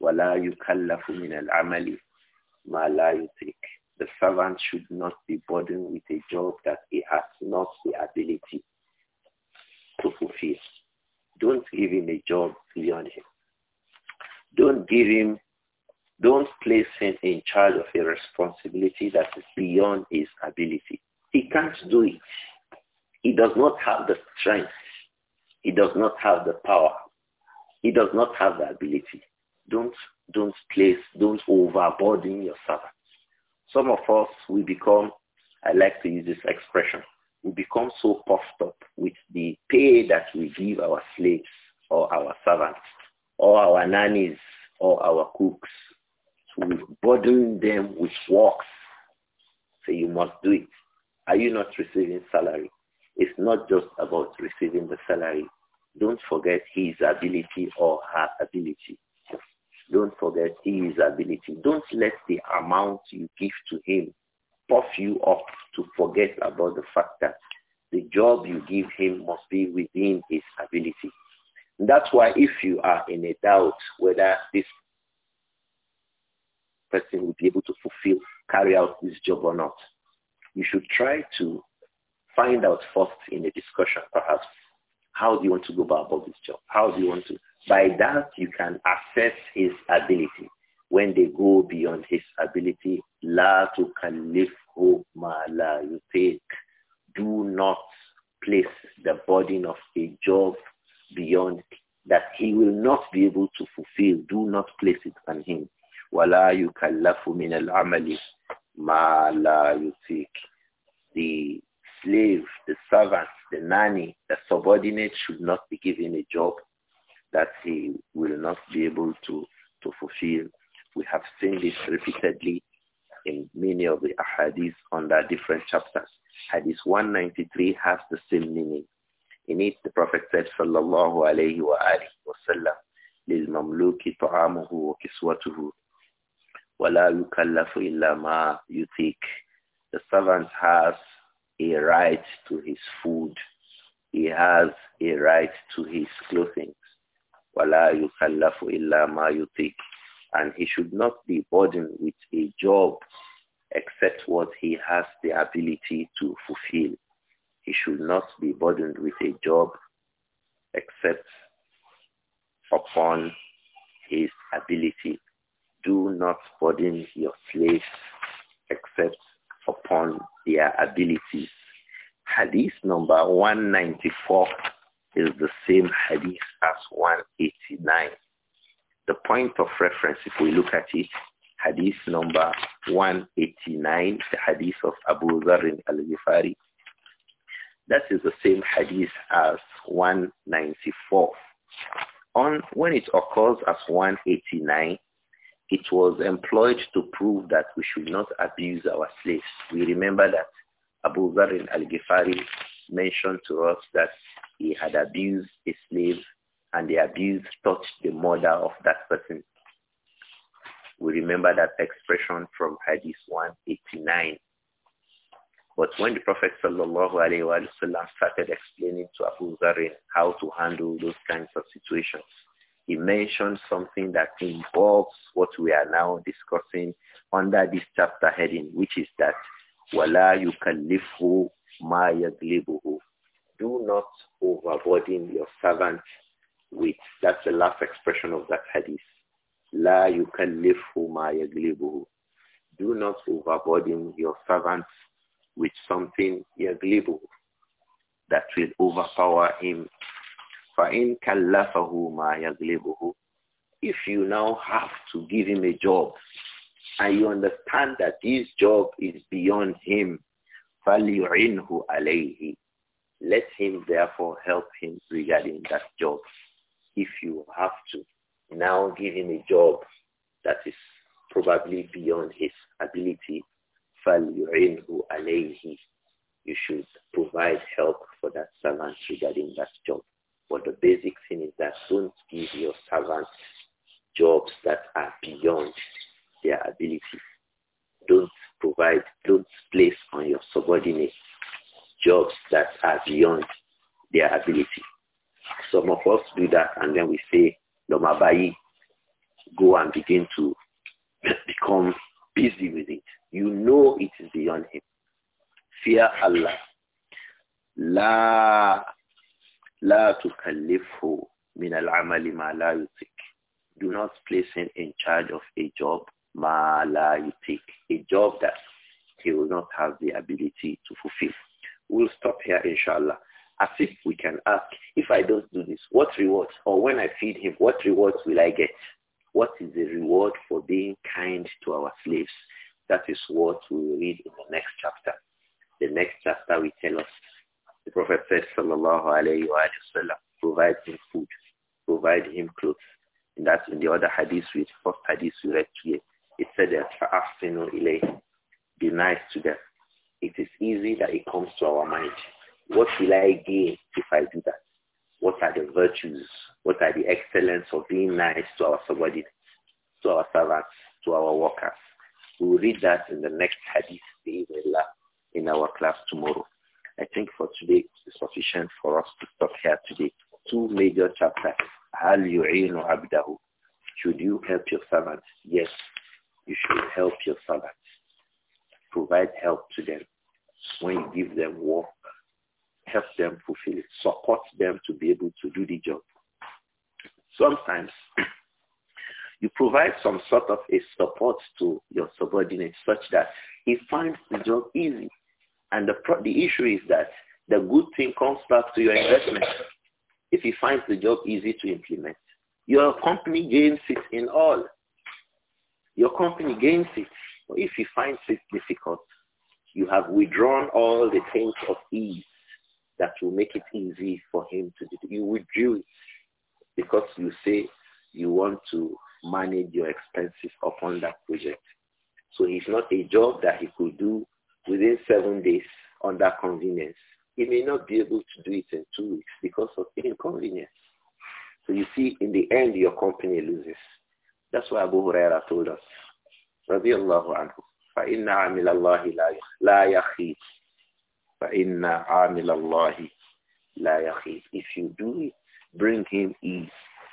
وَلَا يُكَلَّفُ مِنَ الْعَمَلِ مَا لَا يُتِيكُ The servant should not be burdened with a job that he has not the ability to fulfill. Don't give him a job beyond him. Don't give him, don't place him in charge of a responsibility that is beyond his ability. He can't do it. He does not have the strength. He does not have the power. He does not have the ability. Don't don't place, don't overburden your servants. Some of us we become, I like to use this expression, we become so puffed up with the pay that we give our slaves or our servants or our nannies or our cooks. So we burden them with works. So you must do it. Are you not receiving salary? It's not just about receiving the salary. Don't forget his ability or her ability. Don't forget his ability. Don't let the amount you give to him puff you up to forget about the fact that the job you give him must be within his ability. And that's why if you are in a doubt whether this person will be able to fulfill, carry out this job or not, you should try to find out first in a discussion, perhaps, how do you want to go about this job? How do you want to? By that, you can assess his ability. When they go beyond his ability, la tu kalifu ma la you take. Do not place the burden of a job beyond that he will not be able to fulfill. Do not place it on him. وَلَا min al amali ma la yutik. The slave, the servant, the nanny, the subordinate should not be given a job that he will not be able to, to fulfill. We have seen this repeatedly in many of the hadiths under different chapters. Hadith 193 has the same meaning. In it, the Prophet said, Sallallahu alayhi wa alihi wa sallam, لِلْمَمْلُوكِ طَعَامُهُ وَكِسْوَتُهُ وَلَا يُكَلَّفُ إِلَّا مَا يُطِيقُ The servant has a right to his food. He has a right to his clothing. وَلَا يُكَلَّفُ إِلَّا مَا يُطِيقُ And he should not be burdened with a job except what he has the ability to fulfill. He should not be burdened with a job except upon his ability do not burden your slaves except upon their abilities. Hadith number 194 is the same hadith as 189. The point of reference, if we look at it, hadith number 189, the hadith of Abu Zarin al-Ghifari, that is the same hadith as 194. On, when it occurs as 189, it was employed to prove that we should not abuse our slaves. We remember that Abu Zarin al-Ghifari mentioned to us that he had abused a slave and the abuse touched the mother of that person. We remember that expression from Hadith 189. But when the Prophet sallallahu alaihi wasallam started explaining to Abu Zarin how to handle those kinds of situations, he mentioned something that involves what we are now discussing under this chapter heading, which is that wala yukallifu ma yaglibuhu. Do not overburden your servant with, that's the last expression of that hadith. La yukallifu ma yaglibuhu. Do not overburden your servant with something yaglibuhu that will overpower him فَإِنْ كَلَّفَهُ مَا يَغْلِبُهُ If you now have to give him a job and you understand that this job is beyond him, فَلْيُعِنْهُ عَلَيْهِ Let him therefore help him regarding that job. If you have to now give him a job that is probably beyond his ability, فَلْيُعِنْهُ عَلَيْهِ You should provide help for that servant regarding that job. But the basic thing is that don't give your servants jobs that are beyond their ability. Don't provide, don't place on your subordinates jobs that are beyond their ability. Some of us do that and then we say, Lomabai, go and begin to become busy with it. You know it is beyond him. Fear Allah. La لا تكلفه من العمل ما لا يطيق. Do not place him in charge of a job ما لا يطيق. A job that he will not have the ability to fulfill. We'll stop here, inshallah. As if we can ask, if I don't do this, what reward? Or when I feed him, what rewards will I get? What is the reward for being kind to our slaves? That is what we will read in the next chapter. The next chapter will tell us the Prophet said, sallallahu provide him food, provide him clothes. And that's in the other hadith, which first hadith we read today. It said that, fa'afinu know, be nice to them. It is easy that it comes to our mind. What will I gain if I do that? What are the virtues? What are the excellence of being nice to our subordinates, to our servants, to our workers? We will read that in the next hadith, in our class tomorrow. I think for today it's sufficient for us to stop here today. Two major chapters. Hal yu'inu abdahu. Should you help your servants? Yes, you should help your servants. Provide help to them. When you give them work, help them fulfill it. Support them to be able to do the job. Sometimes you provide some sort of a support to your subordinate such that he finds the job easy and the, the issue is that the good thing comes back to your investment. If you find the job easy to implement, your company gains it in all. Your company gains it. But if you find it difficult, you have withdrawn all the things of ease that will make it easy for him to do. You withdrew it because you say you want to manage your expenses upon that project. So it's not a job that he could do within seven days under convenience. He may not be able to do it in two weeks because of inconvenience. So you see, in the end, your company loses. That's why Abu Huraira told us, رضي الله عنه, فإن عَمِلَ الله لا يخيب فإن عَمِلَ الله لا يخيب If you do it, bring him ease.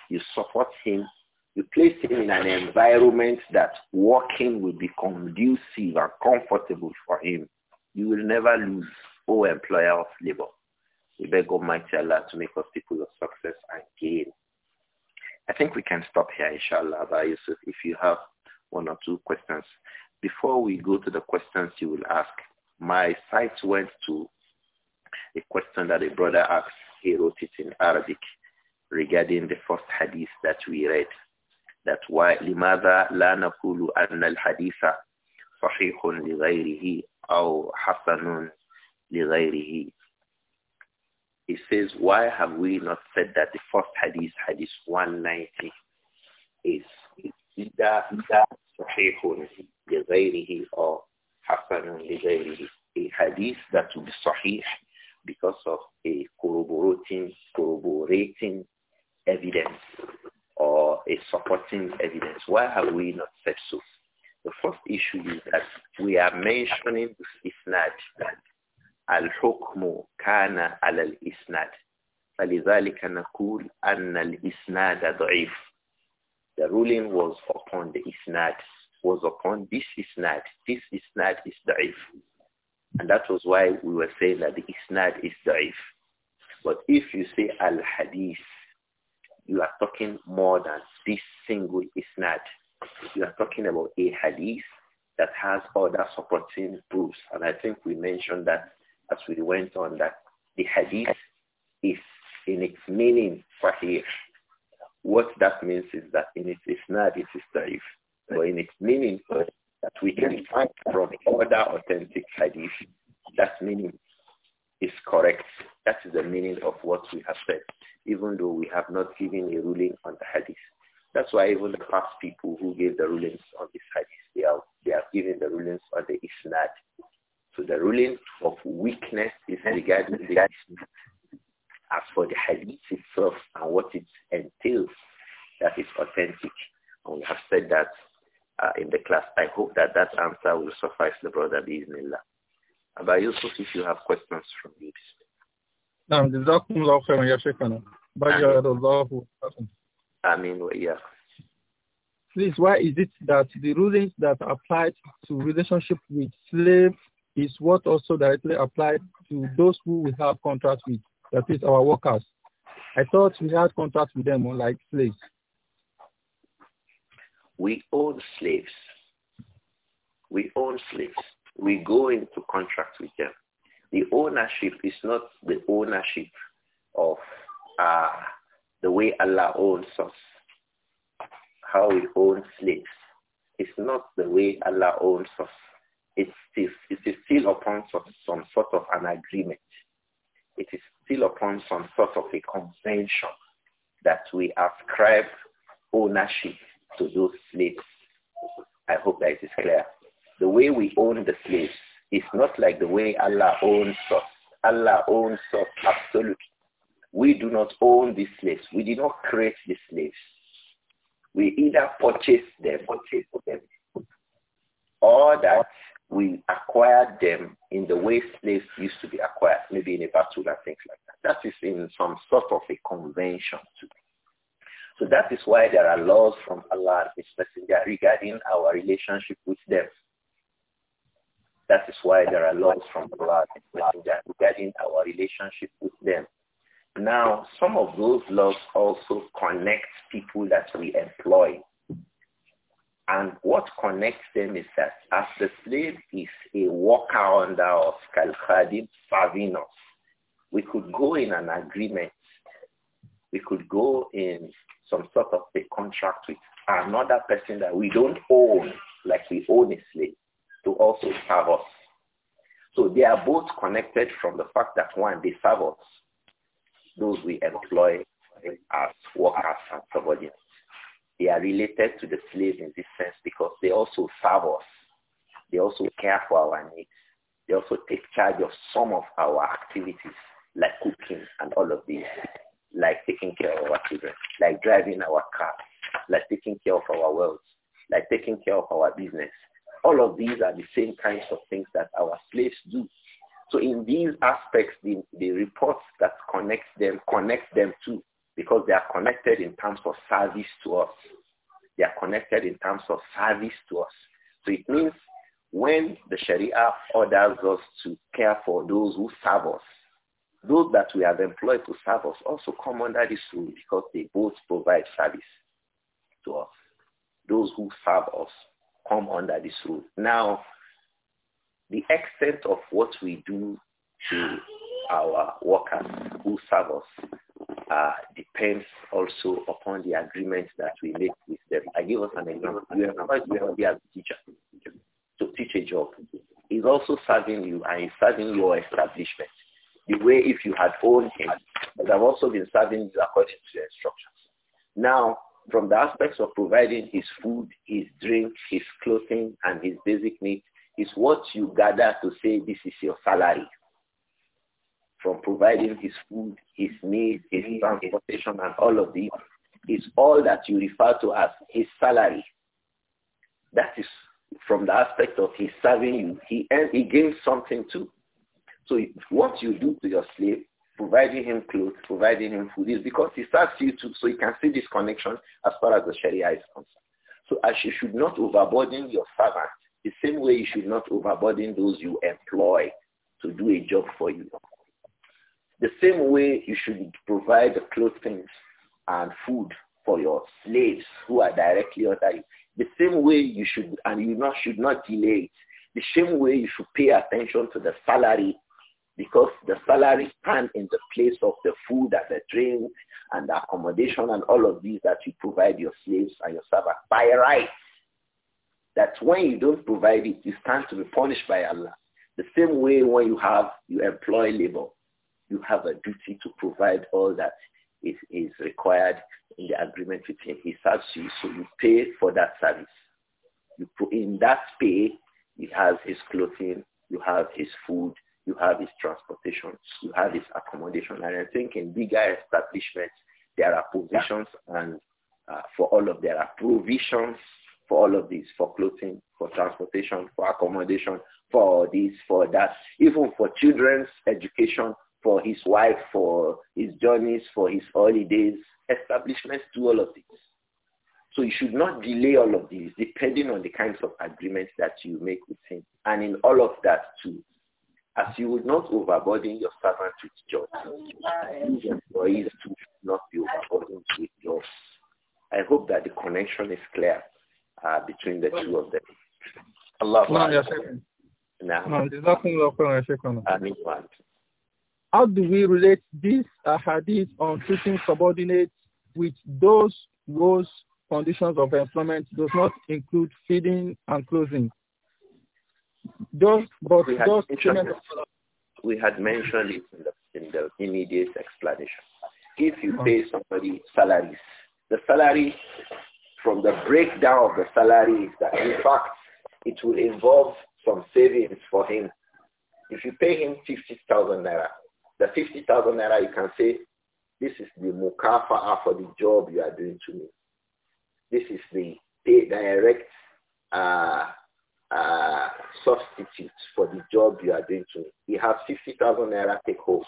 You support him you place him in an environment that working will be conducive and comfortable for him. You will never lose, all employer of labor. We beg Almighty Allah to make us people of success and gain. I think we can stop here, inshallah, Abba if you have one or two questions. Before we go to the questions you will ask, my site went to a question that a brother asked. He wrote it in Arabic regarding the first hadith that we read. That's why لماذا لا نقول أن الحديث صحيح لغيره أو حسن لغيره he says, why have we not said that the first hadith, hadith 190, is either صحيح لغيره or حسن لغيره? a hadith that will be sahih because of a corroborating, corroborating evidence or a supporting evidence. Why have we not said so? The first issue is that we are mentioning this isnad that al-hukmu kana ala al-isnad. فلذلك نقول أن الإسناد ضعيف. The ruling was upon the isnad, was upon this isnad. This isnad is ضعيف. And that was why we were saying that the isnad is ضعيف. But if you say al-hadith, you are talking more than this single isnad. You are talking about a hadith that has other supporting proofs. And I think we mentioned that as we went on that the hadith is in its meaning sahih. What that means is that in its isnad it is safe, But in its meaning that we can find from other authentic hadith, that meaning is correct. That is the meaning of what we have said, even though we have not given a ruling on the hadith. That's why even the past people who gave the rulings on this hadith, they are they are giving the rulings on the isnad. So the ruling of weakness is regarding the isnad. As for the hadith itself and what it entails, that is authentic. And we have said that uh, in the class. I hope that that answer will suffice the brother Bismillah. Abba Yusuf, if you have questions from me. نعم جزاكم الله خيرا يا شيخنا بجر الله آمين وإياك Please, why is it that the rulings that applied to relationship with slaves is what also directly applied to those who we have contracts with, that is our workers? I thought we had contracts with them like slaves. We own slaves. We own slaves we go into contract with them. The ownership is not the ownership of uh, the way Allah owns us, how we own slaves. It's not the way Allah owns us. It's still, it is still upon some, some sort of an agreement. It is still upon some sort of a convention that we ascribe ownership to those slaves. I hope that it is clear. The way we own the slaves is not like the way Allah owns us. Allah owns us absolutely. We do not own these slaves. We did not create these slaves. We either purchase them, purchase them or that we acquired them in the way slaves used to be acquired, maybe in a battle and things like that. That is in some sort of a convention too. So that is why there are laws from Allah and His Messenger regarding our relationship with them. That is why there are laws from Allah regarding our relationship with them. Now, some of those laws also connect people that we employ. And what connects them is that as the slave is a worker under us, Kalkhadim favinos. we could go in an agreement. We could go in some sort of a contract with another person that we don't own, like we own a slave to also serve us. So they are both connected from the fact that one, they serve us, those we employ as workers and subordinates. They are related to the slaves in this sense because they also serve us. They also care for our needs. They also take charge of some of our activities like cooking and all of these, like taking care of our children, like driving our cars, like taking care of our wealth, like taking care of our business, all of these are the same kinds of things that our slaves do. So in these aspects, the, the reports that connect them connect them too, because they are connected in terms of service to us. They are connected in terms of service to us. So it means when the Sharia orders us to care for those who serve us, those that we have employed to serve us also come under this rule because they both provide service to us. Those who serve us come under this rule. Now, the extent of what we do to our workers who serve us uh, depends also upon the agreement that we make with them. I give us an example. You remember you have a teacher to teach a job. He's also serving you and he's serving your establishment. The way if you had owned him, but I've also been serving you according to the instructions. Now, from the aspects of providing his food, his drink, his clothing, and his basic needs is what you gather to say this is your salary. From providing his food, his needs, his transportation, and all of these is all that you refer to as his salary. That is from the aspect of his serving you. He, he gains something too. So what you do to your slave providing him clothes, providing him food is because he starts YouTube so you can see this connection as far as the Sharia is concerned. So as you should not overburden your servant, the same way you should not overburden those you employ to do a job for you. The same way you should provide clothing and food for your slaves who are directly under you. The same way you should, and you not, should not delay it. The same way you should pay attention to the salary because the salary stand in the place of the food and the drink and the accommodation and all of these that you provide your slaves and your servants by right. That when you don't provide it, you stand to be punished by Allah. The same way when you have, you employ labor, you have a duty to provide all that is, is required in the agreement with him. He serves you, so you pay for that service. You put in that pay, he has his clothing, you have his food, you have his transportation, you have this accommodation. And I think in bigger establishments, there are positions and uh, for all of there are provisions for all of these, for clothing, for transportation, for accommodation, for this, for that, even for children's education, for his wife, for his journeys, for his holidays. Establishments do all of this. So you should not delay all of these depending on the kinds of agreements that you make with him. And in all of that too, as you would not overburden your servant with jobs. These employees too should not be overburdened with jobs. I hope that the connection is clear uh, between the two of them. Allah. No, How do we relate this hadith on treating subordinates with those those conditions of employment does not include feeding and clothing? Those, but we those We had mentioned it in the, in the immediate explanation. If you pay somebody salaries, the salary from the breakdown of the salary is that in fact it will involve some savings for him. If you pay him 50,000 naira, the 50,000 naira you can say, this is the mukafa'a for the job you are doing to me. This is the direct uh, uh, substitute for the job you are doing to me. He has 50,000 naira take home.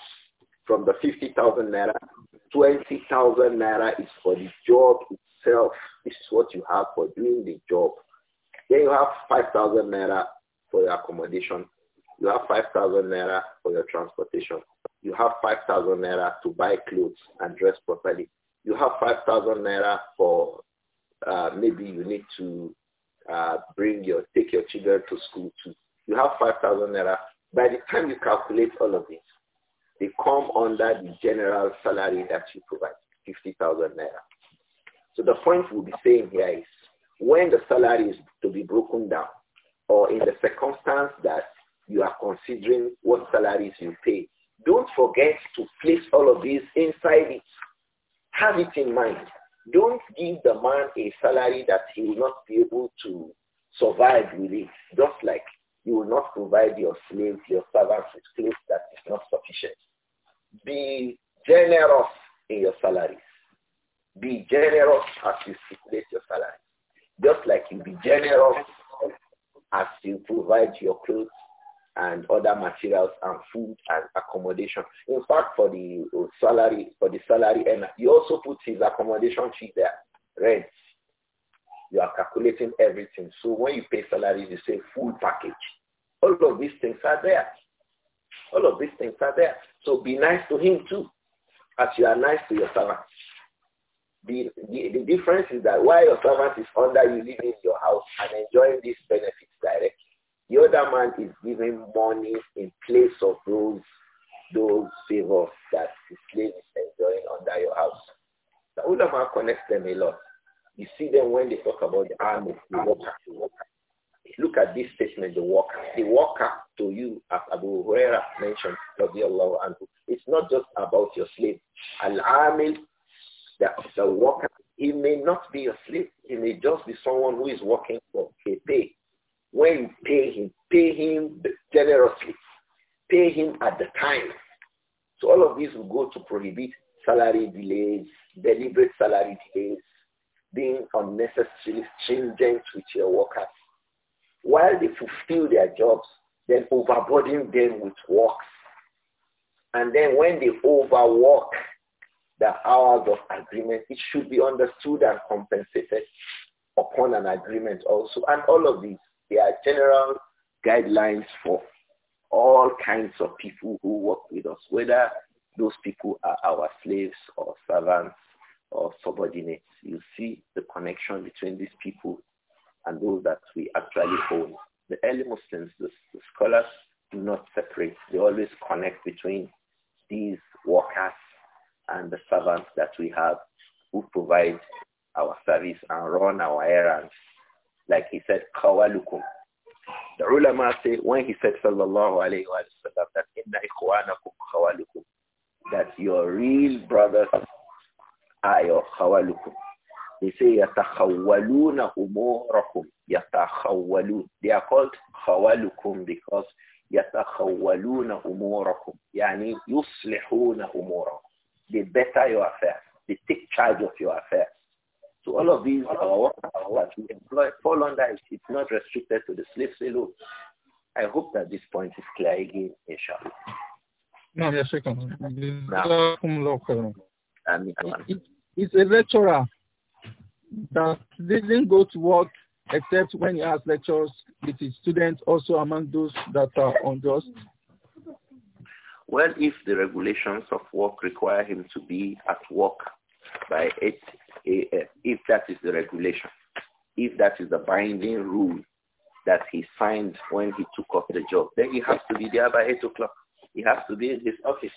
From the 50,000 naira, 20,000 naira is for the job itself. This is what you have for doing the job. Then you have 5,000 naira for your accommodation. You have 5,000 naira for your transportation. You have 5,000 naira to buy clothes and dress properly. You have 5,000 naira for uh, maybe you need to uh, bring your, take your children to school too. You have 5,000 naira. By the time you calculate all of this, they come under the general salary that you provide, 50,000 naira. So the point we'll be saying here is when the salary is to be broken down or in the circumstance that you are considering what salaries you pay, don't forget to place all of these inside it. Have it in mind. Don't give the man a salary that he will not be able to survive with it, just like you will not provide your slaves, your servants with clothes that is not sufficient. Be generous in your salaries. Be generous as you stipulate your salary. Just like you be generous as you provide your clothes and other materials and food and accommodation. In fact, for the uh, salary, for the salary and he also puts his accommodation fee there, rent. You are calculating everything. So when you pay salaries, you say full package. All of these things are there. All of these things are there. So be nice to him too, as you are nice to your servant. The, the, the difference is that while your servant is under you living in your house and enjoying these benefits directly, the other man is giving money in place of those, those favors that the slave is enjoying under your house. The man connects them a lot. You see them when they talk about the arm of the worker. Look at this statement, the worker. The worker to you, as Abu Huraira mentioned, it's not just about your slave. Al-Amil, the, the worker, he may not be your slave. He may just be someone who is working for K P. pay. When you pay him, pay him generously. Pay him at the time. So all of these will go to prohibit salary delays, deliberate salary delays, being unnecessarily stringent with your workers. While they fulfill their jobs, then overburdening them with works. And then when they overwork the hours of agreement, it should be understood and compensated upon an agreement also. And all of these, they are general guidelines for all kinds of people who work with us, whether those people are our slaves or servants or subordinates. You see the connection between these people and those that we actually own. The early Muslims, the, the scholars do not separate. They always connect between these workers and the servants that we have who provide our service and run our errands like he said, قَوَالُكُمْ The ulama say, when he said, sallallahu alayhi wa sallam, that إِنَّ إِخْوَانَكُمْ خَوَالُكُمْ That your real brothers are your خَوَالُكُمْ They say, يَتَخَوَّلُونَ أُمُورَكُمْ يَتَخَوَّلُونَ They are called خَوَالُكُمْ because يَتَخَوَّلُونَ أُمُورَكُمْ يعني يُصْلِحُونَ أُمُورَكُمْ They better your affairs. They take charge of your affairs. So all of these are what we employ fall under it. It's not restricted to the slave alone. I hope that this point is clear again, inshallah. No, yes, no. it's a lecturer that didn't go to work except when he has lectures with his students, also among those that are unjust. Well, if the regulations of work require him to be at work by 8 if that is the regulation, if that is the binding rule that he signed when he took up the job, then he has to be there by 8 o'clock. He has to be in his office,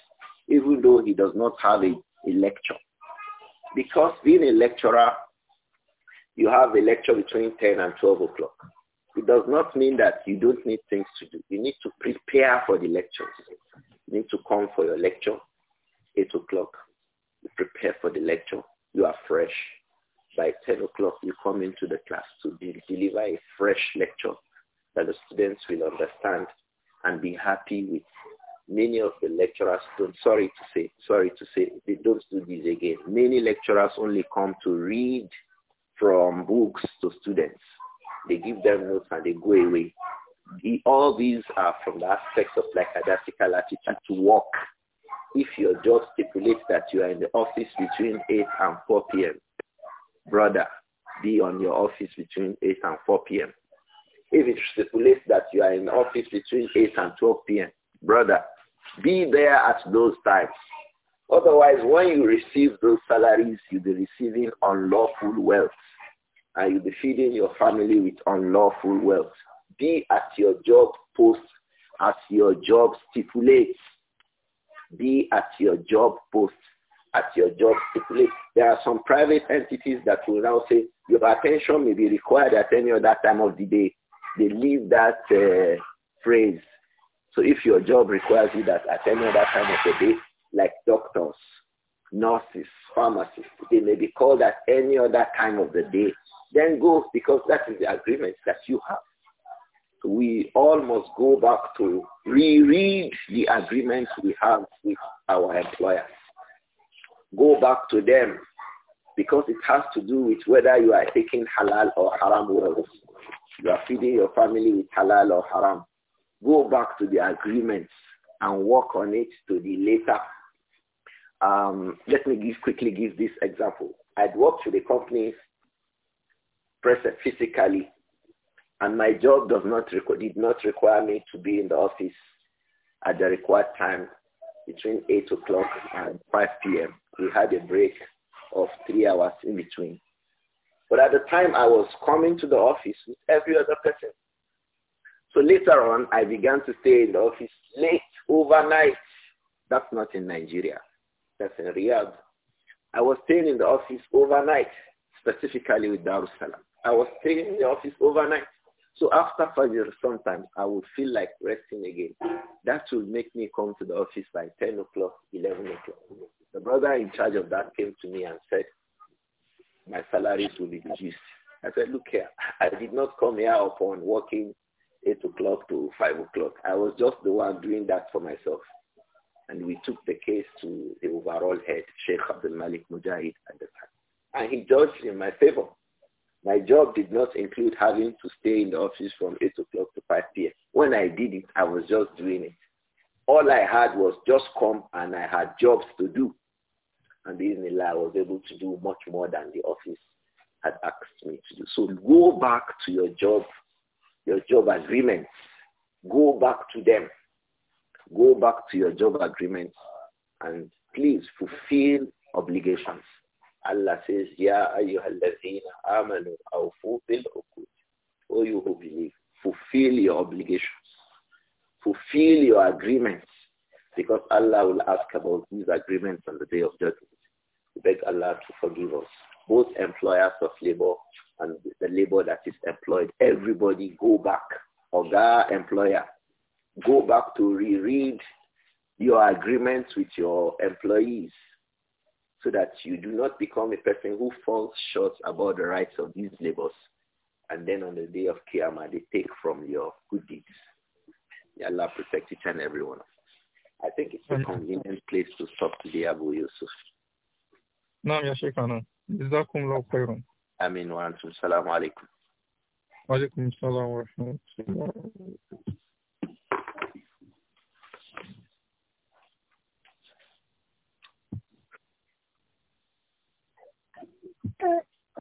even though he does not have a, a lecture. Because being a lecturer, you have a lecture between 10 and 12 o'clock. It does not mean that you don't need things to do. You need to prepare for the lectures. You need to come for your lecture, 8 o'clock. prepare for the lecture you are fresh. By 10 o'clock, you come into the class to deliver a fresh lecture that the students will understand and be happy with. Many of the lecturers don't, sorry to say, sorry to say, they don't do this again. Many lecturers only come to read from books to students. They give them notes and they go away. The, all these are from the aspects of like a didactical attitude to work if your job stipulates that you are in the office between 8 and 4 p.m., brother, be on your office between 8 and 4 p.m. If it stipulates that you are in office between 8 and 12 p.m., brother, be there at those times. Otherwise, when you receive those salaries, you'll be receiving unlawful wealth and you'll be feeding your family with unlawful wealth. Be at your job post as your job stipulates. Be at your job post, at your job place. There are some private entities that will now say your attention may be required at any other time of the day. They leave that uh, phrase. So if your job requires you that at any other time of the day, like doctors, nurses, pharmacists, they may be called at any other time of the day. Then go because that is the agreement that you have we all must go back to reread the agreements we have with our employers. Go back to them because it has to do with whether you are taking halal or haram words. You are feeding your family with halal or haram. Go back to the agreements and work on it to the later. Um, let me give, quickly give this example. I'd worked with a company present physically and my job does not did not require me to be in the office at the required time between 8 o'clock and 5 p.m. We had a break of three hours in between. But at the time, I was coming to the office with every other person. So later on, I began to stay in the office late, overnight. That's not in Nigeria. That's in Riyadh. I was staying in the office overnight, specifically with Darussalam. I was staying in the office overnight. So after Fajr, sometimes I would feel like resting again. That would make me come to the office by 10 o'clock, 11 o'clock. The brother in charge of that came to me and said, my salaries will be reduced. I said, look here, I did not come here upon working 8 o'clock to 5 o'clock. I was just the one doing that for myself. And we took the case to the overall head, Sheikh Abdul Malik Mujahid at the time. And he judged in my favor. My job did not include having to stay in the office from 8 o'clock to 5 p.m. When I did it, I was just doing it. All I had was just come and I had jobs to do. And in I was able to do much more than the office had asked me to do. So go back to your job, your job agreements. Go back to them. Go back to your job agreements and please fulfill obligations. Allah says, Ya ayyuhallazina amanu awfu bil uqud. O oh, you who believe, fulfill your obligations. Fulfill your agreements. Because Allah will ask about these agreements on the day of judgment. We beg Allah to forgive us. Both employers of labor and the labor that is employed. Everybody go back. Oga employer, go back to reread your agreements with your employees so that you do not become a person who falls short about the rights of these labors. And then on the day of Qiyamah, they take from your good deeds. May Allah protect each and every one of us. I think it's a convenient place to stop today, Abu Yusuf. نعم يا شيخنا جزاكم wa خيرا آمين وأنتم alaikum عليكم wa rahmatullahi. ورحمة الله Uh.